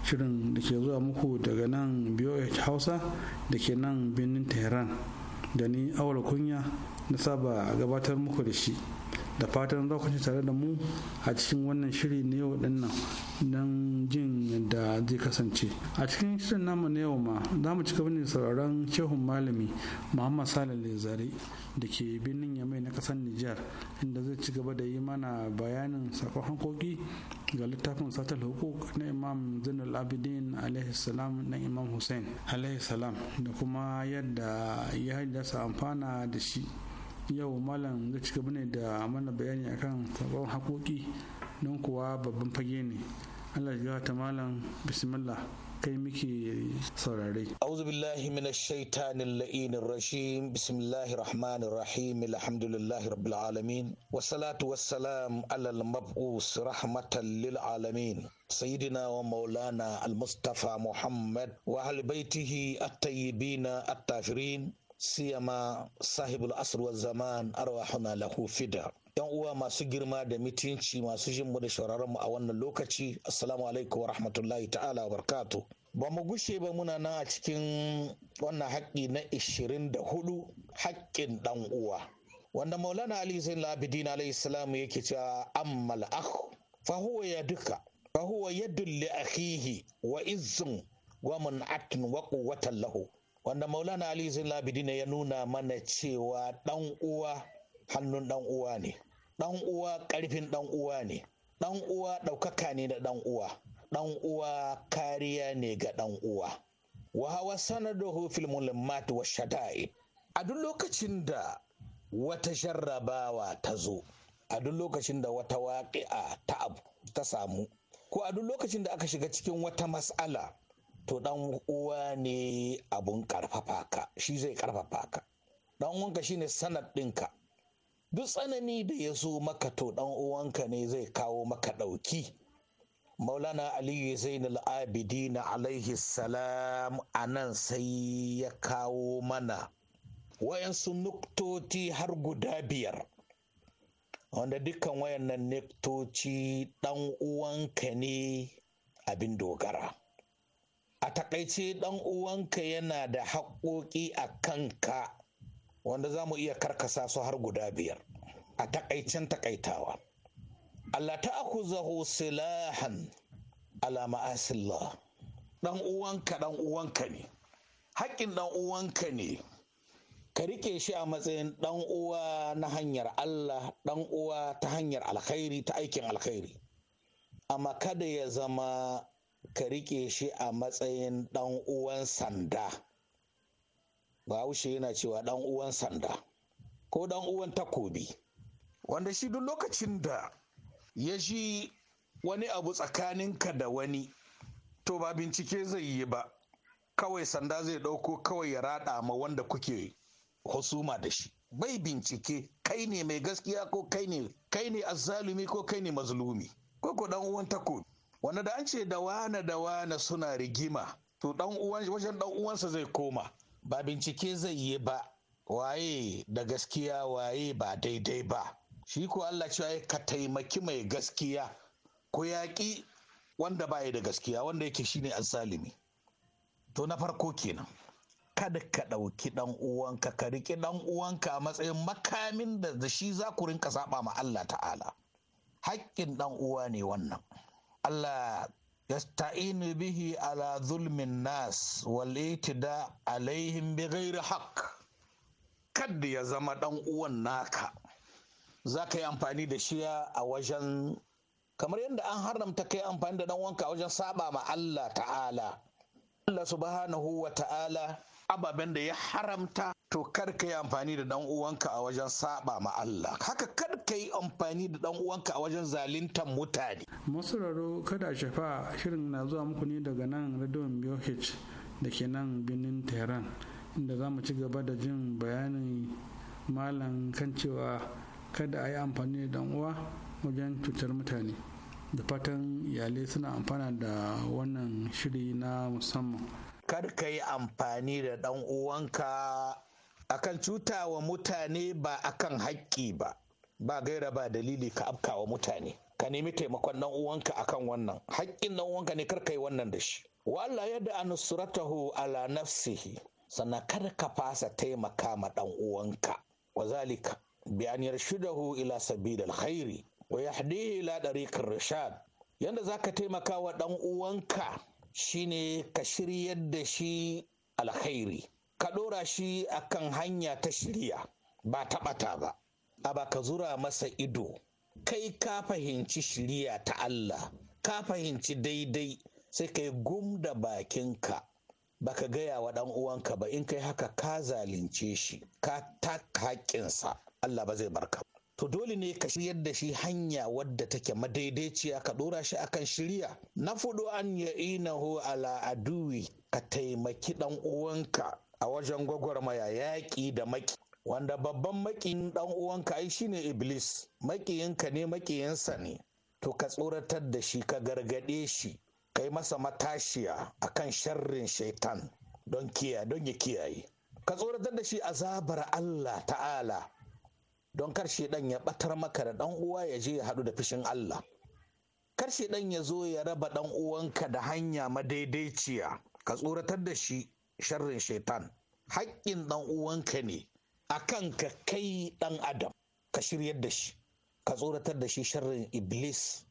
shirin da ke zuwa muku daga nan boh hausa da ke nan birnin tehran da ni awal kunya na saba gabatar muku da shi da fatan za ku ci tare da mu a cikin wannan shiri na yau din nan don jin yadda zai kasance a cikin shirin namu na yau ma za mu ci gaba ne sauraron shehun malami muhammad salih lezare da ke birnin yamai na kasar nijar inda zai ci gaba da yi mana bayanin sakon hankoki ga littafin satar hukuk na imam zainul abidin alaihi salam na imam hussein alaihi salam da kuma yadda ya haddasa amfana da shi yau malam zai ci gaba ne da mana bayani akan sabon haƙoƙi don kuwa babban fage ne allah ya ta malam bismillah kai muke saurare. Auzu billahi min shaitanin la'inin rashim bismillahi rahmanir rahim alhamdulillahi rabbil alamin wa salatu wassalam ala al-mab'us rahmatan lil alamin سيدنا ومولانا المصطفى محمد وأهل بيته الطيبين الطاهرين siyama sahibul asr wa zaman arwahuna lahu fida yan uwa masu girma da mitinci masu jin mu da shawararren mu a wannan lokaci assalamu alaikum wa rahmatullahi ta'ala wa barakatuh ba mu gushe ba muna nan a cikin wannan haƙƙi na 24 haƙƙin ɗan uwa wanda maulana ali zain labidin alayhi salam yake cewa ammal akh fa huwa ya duka fa huwa yadul li akhihi wa izzun wa man'atun wa quwwatan lahu wanda maulana ali zin ne ya nuna mana cewa dan uwa hannun dan uwa ne Dan uwa karfin dan uwa ne Dan uwa ɗaukaka ne da dan uwa Dan uwa kariya ne ga dan uwa wa hawa sanadahu fil mulimmat wa shada'i a duk lokacin da wata jarrabawa ta zo a duk lokacin da wata waƙi'a ta abu ta samu ko a duk lokacin da aka shiga cikin wata mas'ala to dan uwa ne abun karfafa ka shi zai karfafa ka dan uwanka shine sanad ɗinka duk tsanani da ya zo maka to ɗan uwanka ne zai kawo maka ɗauki maulana aliyu zainul na alaihi salam a nan sai ya kawo mana wayansu nuktoti har guda biyar wanda dukkan wayannan nuktoci ɗan uwanka ne abin dogara a takaice ɗan uwanka yana da haƙoƙi a kanka wanda za mu iya karkasa su har guda biyar a takaicen takaitawa Allah ta zahu silahan ala ma'asillah ɗan uwanka ɗan uwanka ne haƙƙin ɗan uwanka ne ka rike shi a matsayin ɗan uwa na hanyar Allah ɗan uwa ta hanyar alkhairi ta aikin alkhairi amma kada ya zama ka riƙe shi a matsayin ɗan uwan sanda bahaushe yana cewa ɗan uwan sanda ko ɗan uwan takobi wanda shi duk lokacin da ya ji wani abu tsakaninka da wani to ba bincike zai yi ba kawai sanda zai ɗauko kawai ya raɗa ma wanda kuke husuma da shi bai bincike kai ne mai gaskiya ko kai ne kai azzalumi ko kai ne mazlumi ko ko dan uwan takobi wanda da an ce da wane da wane suna rigima to dan uwan wajen dan uwansa zai koma ba bincike zai yi ba waye da gaskiya waye ba daidai ba shi ko Allah cewa ka taimaki mai gaskiya ko yaƙi wanda bai da gaskiya wanda yake shine salimi. to na farko kenan kada ka ɗauki ɗan uwanka ka riƙi ɗan uwanka a matsayin makamin da shi za ku rinka saba ma Allah ta'ala haƙƙin ɗan uwa ne wannan Allah yasta'inu bihi ala zulmin nas wal itida alaihim bi ghairi haqq kadda ya zama dan uwan naka zaka yi amfani da shi a wajen kamar yadda an haramta kai amfani da dan wanka a wajen saba ma Allah ta'ala Allah subhanahu wa ta'ala ababen da ya haramta to kar ka yi amfani da dan uwanka a wajen saba ma Allah haka kar ka yi amfani da dan uwanka a wajen zaluntar mutane masuraro kada shafa shirin na zuwa muku ne daga nan radio BOH da ke nan binin Tehran inda za mu ci gaba da jin bayanin malam kan cewa kada a yi amfani da dan uwa wajen cutar mutane da fatan iyalai suna amfana da wannan shiri na musamman kar ka yi amfani da ɗan uwanka akan cuta wa mutane ba akan haƙƙi ba ba gaira ba dalili ka afka wa mutane ka nemi taimakon ɗan uwanka akan wannan haƙƙin ɗan uwanka ne kar ka yi wannan da shi walla yadda anusratahu ala nafsihi sannan kar ka fasa taimaka ma ɗan uwanka wa zalika bi an yarshidahu ila sabilil khairi wa yahdihi ila dariqir rashad yanda zaka taimaka wa ɗan uwanka shine ka shiryar da shi alkhairi ka ɗora shi akan hanya ta shirya ba ta ba a ba ka zura masa ido kai ka fahimci shirya ta Allah ka fahimci daidai sai kai gum da bakinka ba ka gaya wa ɗan uwanka ba in kai haka ka zalunce shi ka taka haƙƙinsa Allah ba zai barka to dole ne ka shiryar da shi hanya wadda take madaidaiciya ka dora shi akan shirya na fudu an ya inahu ala aduwi ka taimaki dan uwanka a wajen gwagwarmaya yaƙi da maki wanda babban makiyin dan uwanka ai shine iblis makiyinka ne makiyinsa ne to ka tsoratar da shi ka gargade shi kai masa matashiya akan sharrin shaitan don kiya don ya kiyaye ka tsoratar da shi azabar Allah ta'ala don karshe ɗan ya batar maka da dan uwa ya je ya haɗu da fishin Allah karshe ɗan ya zo ya raba dan uwanka da hanya madaidaiciya ka tsoratar da shi sharrin shaitan haƙƙin dan uwanka ne akan ka kai ɗan adam ka shiryar da shi ka tsoratar da shi sharrin iblis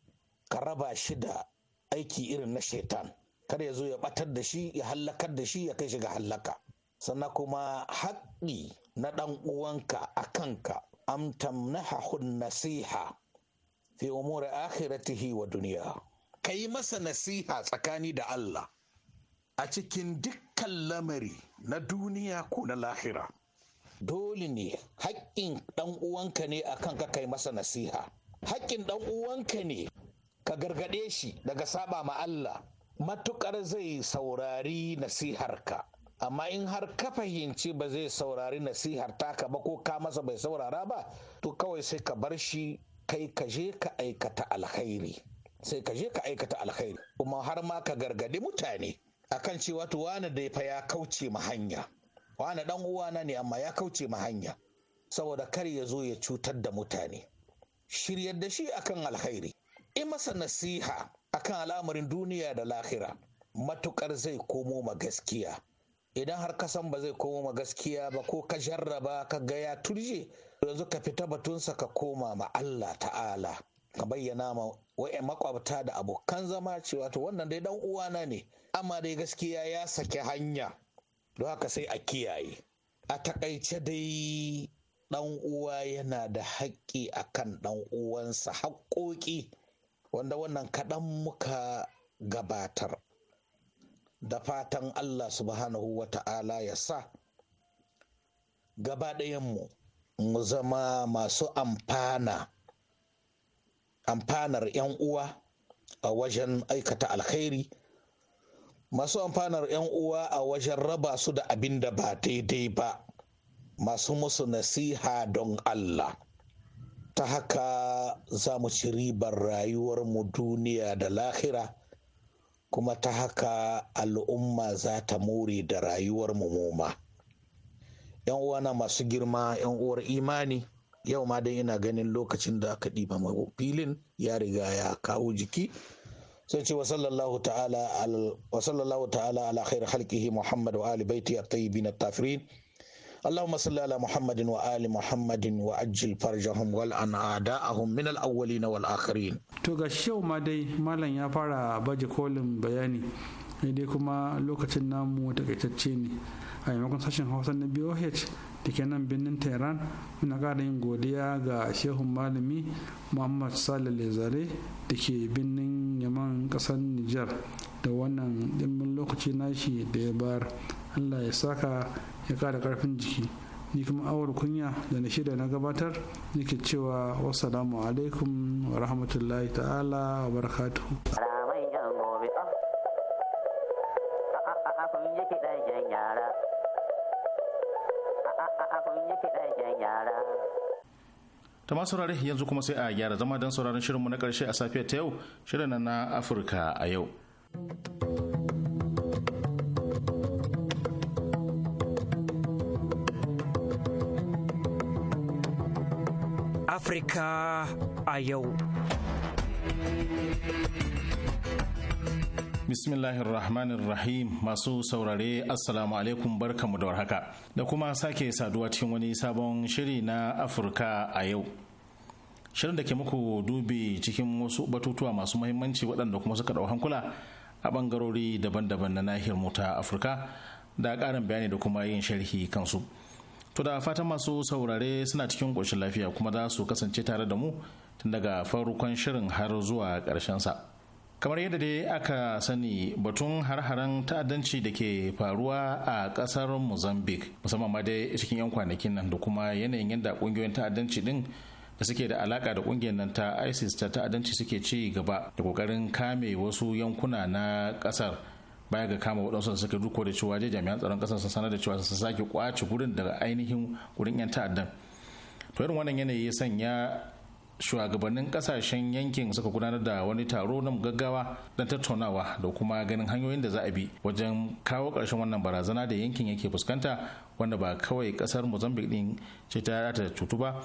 ka raba shi da aiki irin na shaitan kar ya zo ya batar da shi ya hallakar da shi ya kai shi ga hallaka sannan kuma haƙƙi na ɗan uwanka a kanka am tamnahahu nasiha fi umuri akhiratihi wa duniya kai masa nasiha tsakani da Allah a cikin dukkan lamari na duniya ko na lahira dole ne haƙƙin ɗan uwanka ne akan ka kai masa nasiha haƙƙin ɗan uwanka ne ka gargade shi daga saba ma Allah matuƙar zai saurari nasiharka amma in har ka fahimci ba zai saurari nasihar taka ba ko ka masa bai saurara ba to kawai sai ka bar shi kai ka je ka aikata alkhairi sai ka je ka aikata alkhairi kuma har ma ka gargadi mutane akan cewa to wani da fa ya kauce ma hanya wani dan uwana ne amma ya kauce ma hanya saboda kar ya zo ya cutar da mutane shiryar da shi akan alkhairi in masa nasiha akan al'amarin duniya da lahira matukar zai komo ma gaskiya idan har ka san ba zai koma gaskiya ba ko ka jarraba ka ga ya turje yanzu ka fita batunsa ka koma ma Allah ta'ala ka bayyana ma wa'in makwabta da abokan zama cewa to wannan dai dan uwana ne amma dai gaskiya ya saki hanya don haka sai a kiyaye a takaice dai dan uwa yana da haƙƙi a kan dan uwansa haƙƙoƙi wanda wannan kaɗan muka gabatar da fatan Allah subhanahu wa ta'ala ya sa gaba mu mu zama masu amfana amfanar 'yan uwa a wajen aikata alkhairi masu amfanar 'yan uwa a wajen raba su da abin da ba daidai ba masu musu nasiha don Allah ta haka za mu ci ribar rayuwar mu duniya da lahira kuma ta haka al'umma za ta more da rayuwar mumoma. yan uwana masu girma yan uwar imani yau ma dai ina ganin lokacin da aka ɗiba filin ya riga ya kawo jiki sai ce wasallallahu ta'ala ala khair halkihi muhammad wa ali baiti at-tayyibin at-tafirin اللهم صل على محمد وآل محمد وأجل فرجهم والأن أعداءهم من الأولين والآخرين to ga yau ma dai malam ya fara baje kolin bayani dai kuma lokacin namu takaitacce ne a yamakon sashen hausa na boh da ke nan birnin tehran muna kara yin godiya ga shehun malami muhammad salih zare da ke birnin yaman ƙasar nijar da wannan dimbin lokaci nashi da ya bayar allah ya saka ya kara karfin jiki ni kuma awar kunya da na shida na gabatar nake cewa wasalamu alaikum wa rahmatullahi ta'ala wa barakatuhu ta masu rari yanzu kuma sai a gyara zama don sauraron shirinmu na karshe a safiya ta yau shirin na afirka a yau Afirka a yau. Bismillahirrahmanirrahim masu saurare Assalamu alaikum barkamu da warhaka da kuma sake saduwa cikin wani sabon shiri na Afirka a yau. Shirin da ke muku dubi cikin wasu batutuwa masu mahimmanci waɗanda kuma suka ɗau hankula a ɓangarori daban-daban na nahiyar mu ta Afirka da ƙarin bayani da kuma yin sharhi kansu. To da fatan masu saurare suna cikin ƙoshin lafiya kuma za su kasance tare da mu tun daga farkon shirin har zuwa sa. Kamar yadda dai aka sani batun har-haren ta'addanci da ke faruwa a ƙasar Mozambique musamman ma dai cikin 'yan kwanakin nan da kuma yanayin yadda ƙungiyoyin ta'addanci din da suke da alaka da ƙungiyar nan ta ISIS ta ta'addanci suke ci gaba da ƙoƙarin kame wasu yankuna na ƙasar. baya ga kama waɗansu da suka duko da cewa je jami'an tsaron ƙasar sun sanar da cewa sun sake kwace gurin daga ainihin gurin 'yan ta'addan to irin wannan yanayi ya sanya shugabannin kasashen yankin suka gudanar da wani taro na gaggawa don tattaunawa da kuma ganin hanyoyin da za a bi wajen kawo ƙarshen wannan barazana da yankin yake fuskanta wanda ba kawai ƙasar mozambique din ce ta cutu ba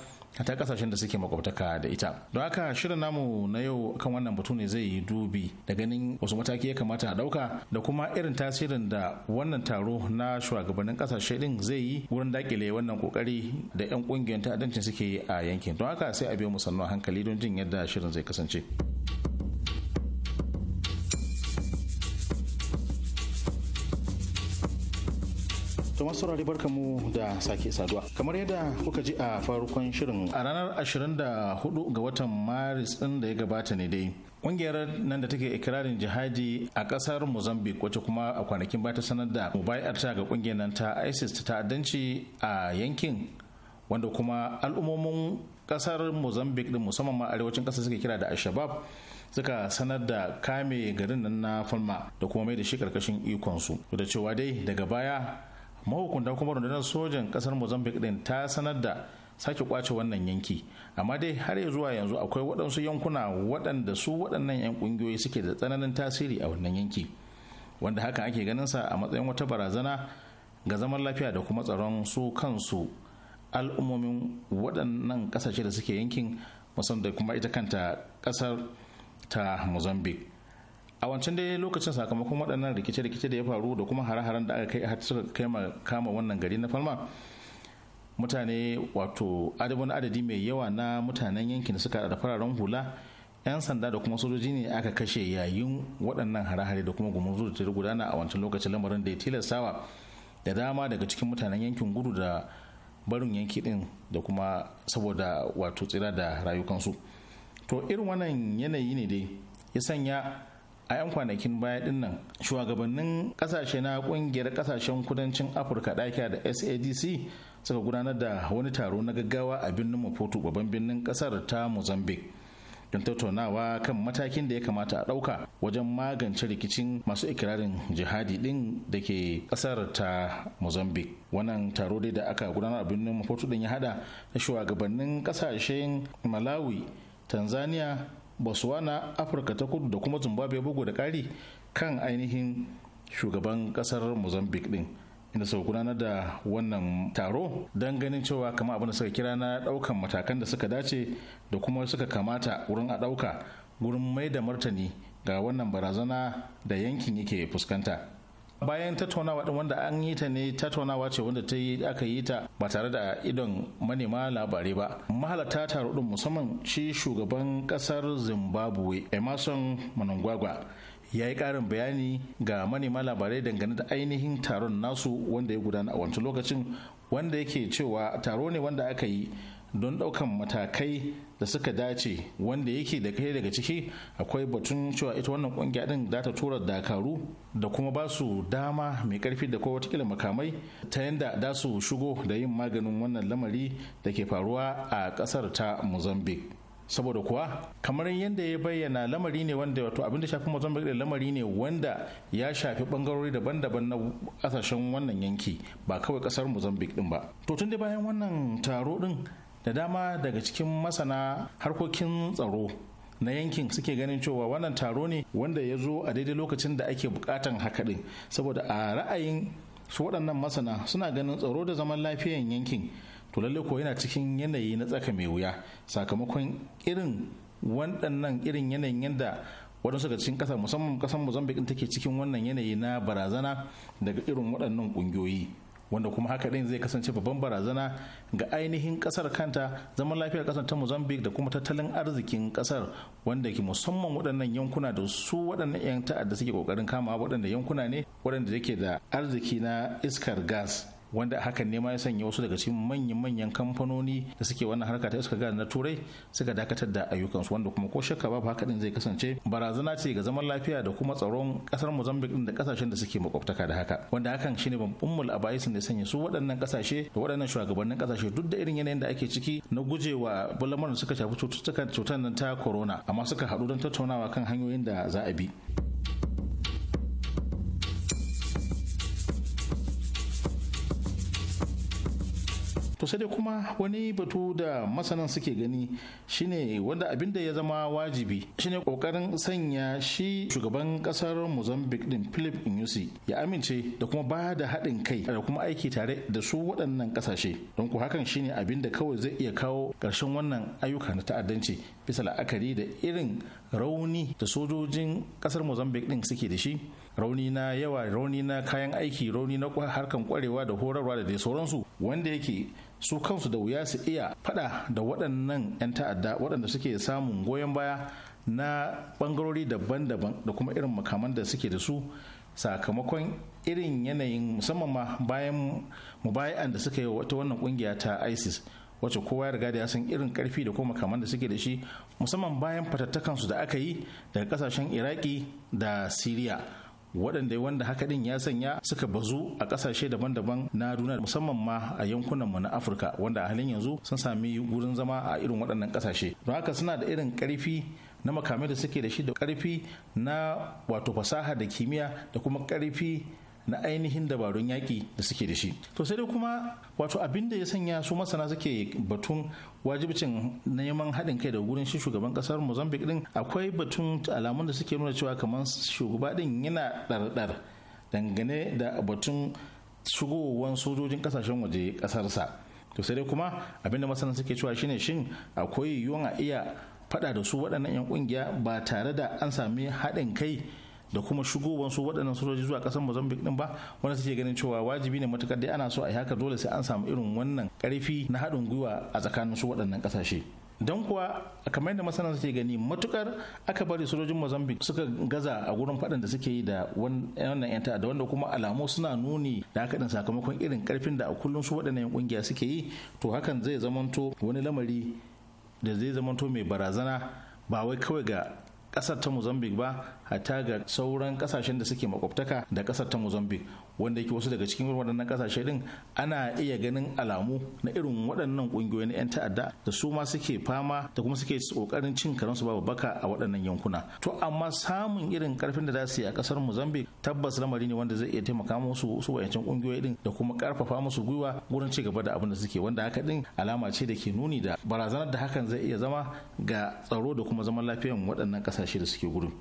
ta kasashen da suke makwabtaka da ita don haka shirin namu na yau kan wannan batu ne zai yi dubi da ganin wasu mataki ya kamata a dauka da kuma irin tasirin da wannan taro na shugabannin kasashe din zai yi wurin dakile wannan kokari da yan kungiyar ta'addancin suke yi a yankin don haka sai a biyo mu sannu hankali don jin yadda shirin zai kasance. To masu saurari barkamu da sake saduwa. Kamar yadda kuka ji a farkon shirin a ranar 24 ga watan Maris din da ya gabata ne dai. Ƙungiyar nan da take ikirarin jihadi a ƙasar Mozambique wacce kuma a kwanakin ba ta sanar da mubayar ta ga ƙungiyar nan ta ISIS ta ta'addanci a yankin wanda kuma al'ummomin ƙasar Mozambique din musamman ma arewacin ƙasar suke kira da alshabab suka sanar da kame garin nan na Falma da kuma mai da shi ƙarƙashin ikonsu. Da cewa dai daga baya mahukunta kuma rundunar sojan kasar mozambique din ta sanar da sake kwace wannan yanki amma dai har ya zuwa yanzu akwai waɗansu yankuna waɗanda su waɗannan 'yan ƙungiyoyi suke da tsananin tasiri a wannan yanki wanda haka ake ganin sa a matsayin wata barazana ga zaman lafiya da kuma tsaron su kansu al'ummomin waɗannan ƙasashe da suke yankin musamman da kuma ita kanta ƙasar ta mozambique a wancan dai lokacin sakamakon waɗannan rikice-rikice da ya faru da kuma hare-haren da aka kai a suka kai kama wannan gari na falma mutane wato adabin adadi mai yawa na mutanen yankin suka da fararen hula 'yan sanda da kuma sojoji ne aka kashe yayin waɗannan hare-hare da kuma gumurzu da ta gudana a wancan lokacin lamarin da ya tilastawa da dama daga cikin mutanen yankin gudu da barin yanki din da kuma saboda wato tsira da rayukansu to irin wannan yanayi ne dai ya sanya a 'yan kwanakin baya din nan shugabannin kasashe na kungiyar kasashen kudancin afirka ɗakiya da sadc suka gudanar da wani taro na gaggawa a birnin maputo babban birnin kasar ta mozambique don tattaunawa kan matakin da ya kamata a ɗauka wajen magance rikicin masu ikirarin jihadi ɗin da ke ƙasar ta mozambique wannan taro dai da aka gudanar a birnin maputo din ya hada na shugabannin ƙasashen malawi tanzania botswana afirka ta kudu da kuma zimbabwe bugu da ƙari kan ainihin shugaban kasar mozambique din inda sau gudanar da wannan taro don ganin cewa kama abin da suka kira na daukan matakan da suka dace da kuma suka kamata wurin a dauka wurin mai da martani ga wannan barazana da yankin yake fuskanta bayan tattaunawa din wanda an yi ta ne tattaunawa ce wanda ta yi aka yi ta ba tare da idon manema labarai ba mahalarta taro din musamman shi shugaban ƙasar zimbabwe emerson manangwagwa ya yi karin bayani ga manema labarai dangane da ainihin taron nasu wanda ya gudana a wancan lokacin wanda yake cewa taro ne wanda aka yi don ɗaukan matakai da suka dace wanda yake da kai daga ciki akwai batun cewa ita wannan kungiya din za ta tura dakaru da kuma ba su dama mai karfi da kowa watakila makamai ta yadda za su shigo da yin maganin wannan lamari da ke faruwa a kasar ta mozambique saboda kuwa kamar yadda ya bayyana lamari ne wanda wato abinda shafi mozambique da lamari ne wanda ya shafi bangarori daban-daban na kasashen wannan yanki ba kawai kasar mozambique din ba to tun da bayan wannan taro din da dama daga cikin masana harkokin tsaro na yankin suke ganin cewa wannan taro ne wanda ya zo a daidai lokacin da ake bukatan haka din saboda a ra'ayin su waɗannan masana suna ganin tsaro da zaman lafiyan yankin to lalle ko yana cikin yanayi na tsaka mai wuya sakamakon irin waɗannan irin yanayin yadda waɗansu daga cikin ƙasar musamman ƙasar mozambique take cikin wannan yanayi na barazana daga irin waɗannan ƙungiyoyi wanda kuma haka din zai kasance babban barazana ga ainihin kasar kanta zaman lafiyar kasar ta mozambique da kuma tattalin arzikin kasar wanda ke musamman waɗannan yankuna da su waɗannan 'yan ta'adda suke kokarin kama waɗanda yankuna ne waɗanda yake da arziki na iskar gas wanda hakan ne ma ya sanya wasu daga cikin manyan-manyan kamfanoni da suke wannan harka ta iska gas na turai suka dakatar da ayyukansu wanda kuma ko shakka babu haka din zai kasance barazana ce ga zaman lafiya da kuma tsaron kasar mozambique din da kasashen da suke makwabtaka da haka wanda hakan shine babban abayisin da sanya su waɗannan kasashe da waɗannan shugabannin kasashe duk da irin yanayin da ake ciki na gujewa bulamarin suka shafi cututtukan cutar nan ta corona amma suka haɗu don tattaunawa kan hanyoyin da za a bi. sai dai kuma wani batu da masanan suke gani shine wanda abin da ya zama wajibi shine kokarin sanya shi shugaban kasar mozambique din philip inyusi ya amince da kuma ba da haɗin kai da kuma aiki tare da su waɗannan ƙasashe don ku hakan shine abin da kawai zai iya kawo ƙarshen wannan ayyuka na ta'addanci bisa la'akari da irin rauni da sojojin ƙasar mozambique din suke da shi rauni na yawa rauni na kayan aiki rauni na harkan kwarewa da horarwa da dai sauransu wanda yake su kansu da wuya su iya fada da waɗannan 'yan ta'adda waɗanda suke samun goyon baya na ɓangarori daban-daban da kuma irin makaman da suke da su sakamakon irin yanayin musamman ma bayan mubayan da suka yi wata wannan kungiya ta isis wacce kowa ya riga da ya san irin karfi da kuma makaman da suke da shi musamman bayan fatattakansu da aka yi daga kasashen iraki da siriya waɗanda wanda haka din ya sanya suka bazu a ƙasashe daban-daban na duniya musamman ma a yankunanmu na afirka wanda a halin yanzu sun sami wurin zama a irin waɗannan ƙasashe don haka suna da irin ƙarfi na makamai da suke da shi da ƙarfi na wato fasaha da kimiyya da kuma ƙarfi na ainihin dabarun yaƙi da suke da shi to sai dai kuma wato abin da ya sanya su masana suke batun wajibcin neman haɗin kai da gurin shi shugaban ƙasar mozambique din akwai batun alamun da suke nuna cewa kamar shugaba din yana ɗarɗar dangane da batun shigowar sojojin ƙasashen waje ƙasarsa to sai dai kuma abinda masana suke cewa shine shin akwai yiwuwan a iya faɗa da su waɗannan 'yan ƙungiya ba tare da an sami haɗin kai da kuma shigowar su waɗannan sojoji zuwa ƙasar Mozambique din ba wanda suke ganin cewa wajibi ne matukar dai ana so a yi haka dole sai an samu irin wannan ƙarfi na haɗin gwiwa a tsakanin su waɗannan ƙasashe. don kuwa kamar yadda masana suke gani matukar aka bari sojojin mozambique suka gaza a gurin faɗin da suke yi da wannan 'yanta da wanda kuma alamu suna nuni da haka sakamakon irin karfin da a kullun su waɗannan kungiya suke yi to hakan zai zamanto wani lamari da zai zamanto mai barazana ba wai kawai ga kasar ta mozambique ba hatta ga sauran kasashen da suke makwabtaka da kasar ta mozambique wanda yake wasu daga cikin waɗannan kasashe din ana iya ganin alamu na irin waɗannan ƙungiyoyi 'yan ta'adda da su ma suke fama da kuma suke ƙoƙarin cin karansu babu baka a waɗannan yankuna to amma samun irin ƙarfin da za su yi a ƙasar Mozambique tabbas lamari ne wanda zai iya taimaka musu su wa'yancin ƙungiyoyi din da kuma ƙarfafa musu gwiwa gurin ci gaba da abin da suke wanda haka din alama ce da ke nuni da barazanar da hakan zai iya zama ga tsaro da kuma zaman lafiyan waɗannan ƙasashe da suke gurin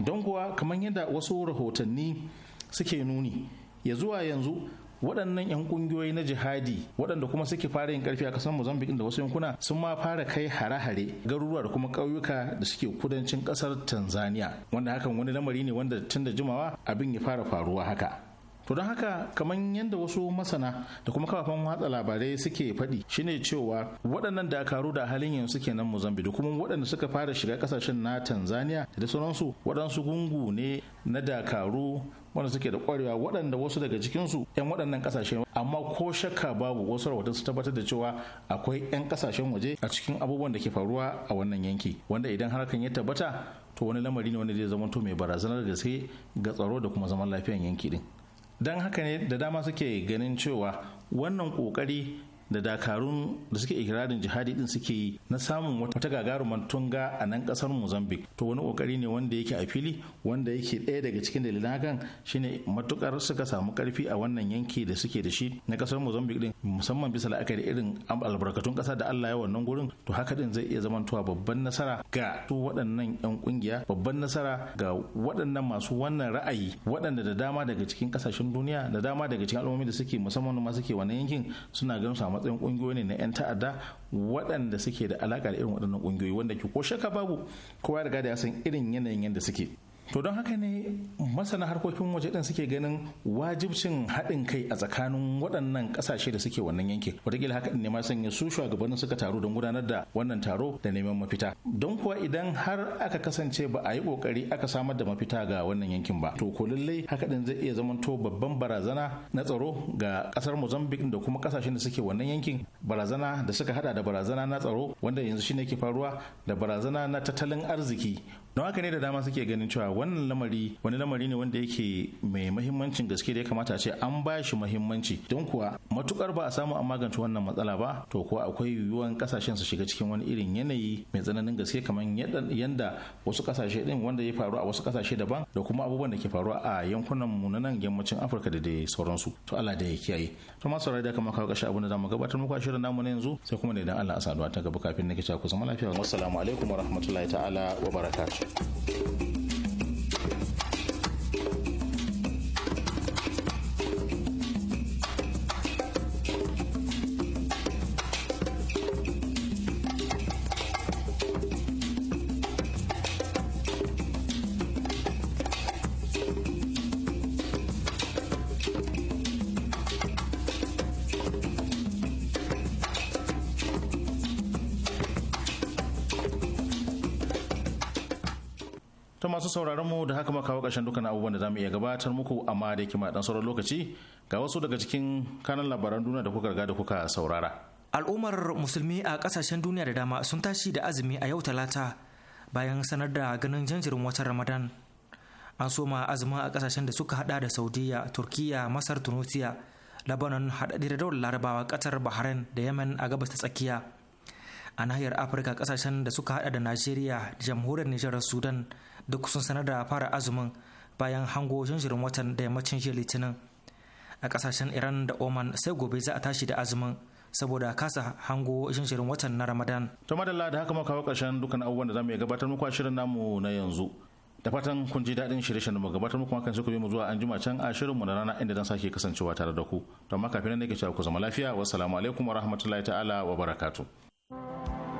don kuwa kamar yadda wasu rahotanni suke nuni ya zuwa yanzu waɗannan 'yan ƙungiyoyi na jihadi waɗanda kuma suke fara yin ƙarfi a ƙasar mozambique da wasu yankuna sun ma fara kai hare-hare garuruwa da kuma ƙauyuka da suke kudancin ƙasar tanzania wanda hakan wani lamari ne wanda tun da jimawa abin ya fara faruwa haka to don haka kamar yadda wasu masana da kuma kafafen watsa labarai suke faɗi shine cewa waɗannan dakaru da halin yanzu suke nan mozambique da kuma waɗanda suka fara shiga ƙasashen na tanzania da sauransu waɗansu gungu ne na dakaru wanda suke da kwarewa waɗanda wasu daga cikinsu 'yan waɗannan kasashen amma ko shakka babu wasu rahoton su tabbatar da cewa akwai 'yan ƙasashen waje a cikin abubuwan da ke faruwa a wannan yanki wanda idan harkan ya tabbata to wani lamari ne wanda zai zama to mai barazanar gaske ga tsaro da kuma zaman lafiyan yanki din don haka ne da dama suke ganin cewa wannan kokari da dakarun da suke ikirarin jihadi din suke yi na samun wata gagarumar tunga a nan kasar mozambique to wani kokari ne wanda yake a fili wanda yake ɗaya daga cikin dalilan hakan shine matukar suka samu karfi a wannan yanki da suke da shi na kasar mozambique din musamman bisa la'akari irin albarkatun kasa da allah ya wannan gurin to haka din zai iya zamantowa babban nasara ga su waɗannan yan kungiya babban nasara ga waɗannan masu wannan ra'ayi waɗanda da dama daga cikin kasashen duniya da dama daga cikin al'ummomi da suke musamman ma suke wannan yankin suna ganin su matsayin kungiyoyi ne na 'yan ta'adda waɗanda suke da alaƙa da irin waɗannan kungiyoyi wanda ke ko shaka babu kowa ya riga da ya san irin yanayin yadda suke to don haka ne masana harkokin waje din suke ganin wajibcin haɗin kai a tsakanin waɗannan ƙasashe da suke wannan yankin wataƙila haka ne ma sanya su shugabannin suka taru don gudanar da wannan taro da neman mafita don kuwa idan har aka kasance ba a yi ƙoƙari aka samar da mafita ga wannan yankin ba to ko lallai haka din zai iya zamanto babban barazana na tsaro ga ƙasar Mozambique da kuma ƙasashen da suke wannan yankin barazana da suka haɗa da barazana na tsaro wanda yanzu shine ke faruwa da barazana na tattalin arziki don haka ne da dama suke ganin cewa wannan lamari wani lamari ne wanda yake mai mahimmancin gaske da ya kamata a ce an ba shi mahimmanci don kuwa matukar ba a samu a magance wannan matsala ba to kuwa akwai yiwuwan kasashen su shiga cikin wani irin yanayi mai tsananin gaske kamar yadda wasu kasashe din wanda ya faru a wasu kasashe daban da kuma abubuwan da ke faru a yankunan mu na nan yammacin afirka da dai sauransu to Allah da ya kiyaye to ma rai da kama kawo kashi abin da zamu gabatar muku a shirin namu na yanzu sai kuma da idan Allah a saduwa ta gaba kafin nake cewa ku zama lafiya wassalamu alaikum warahmatullahi ta'ala wa barakatuh ビビビ。ta masu sauraron mu da haka makawa ƙarshen dukkan abubuwan da zamu iya gabatar muku amma da kima dan sauran lokaci ga wasu daga cikin kanan labaran duniya da kuka riga da kuka saurara al'ummar musulmi a kasashen duniya da dama sun tashi da azumi a yau talata bayan sanar da ganin janjirin watan ramadan an soma azumin a kasashen da suka hada da saudiya turkiya masar tunisia labanon hadari da daular larabawa kasar bahrain da yemen a gabas ta tsakiya a nahiyar afirka kasashen da suka hada da najeriya jamhuriyar nijar sudan duk sun sanar da fara azumin bayan hango jinjirin watan da yammacin jiya litinin a kasashen iran da oman sai gobe za a tashi da azumin saboda kasa hango jinjirin watan na ramadan to madalla da haka muka waka karshen dukkan abubuwan da zamu iya gabatar muku a shirin namu na yanzu da fatan kun ji daɗin shirye-shiryen mu gabatar muku kan sai ku bi mu zuwa anjima can a shirin mu na rana inda zan sake kasancewa tare da ku to amma kafin nan ke cewa ku zama lafiya wassalamu alaikum wa ta'ala wa barakatuh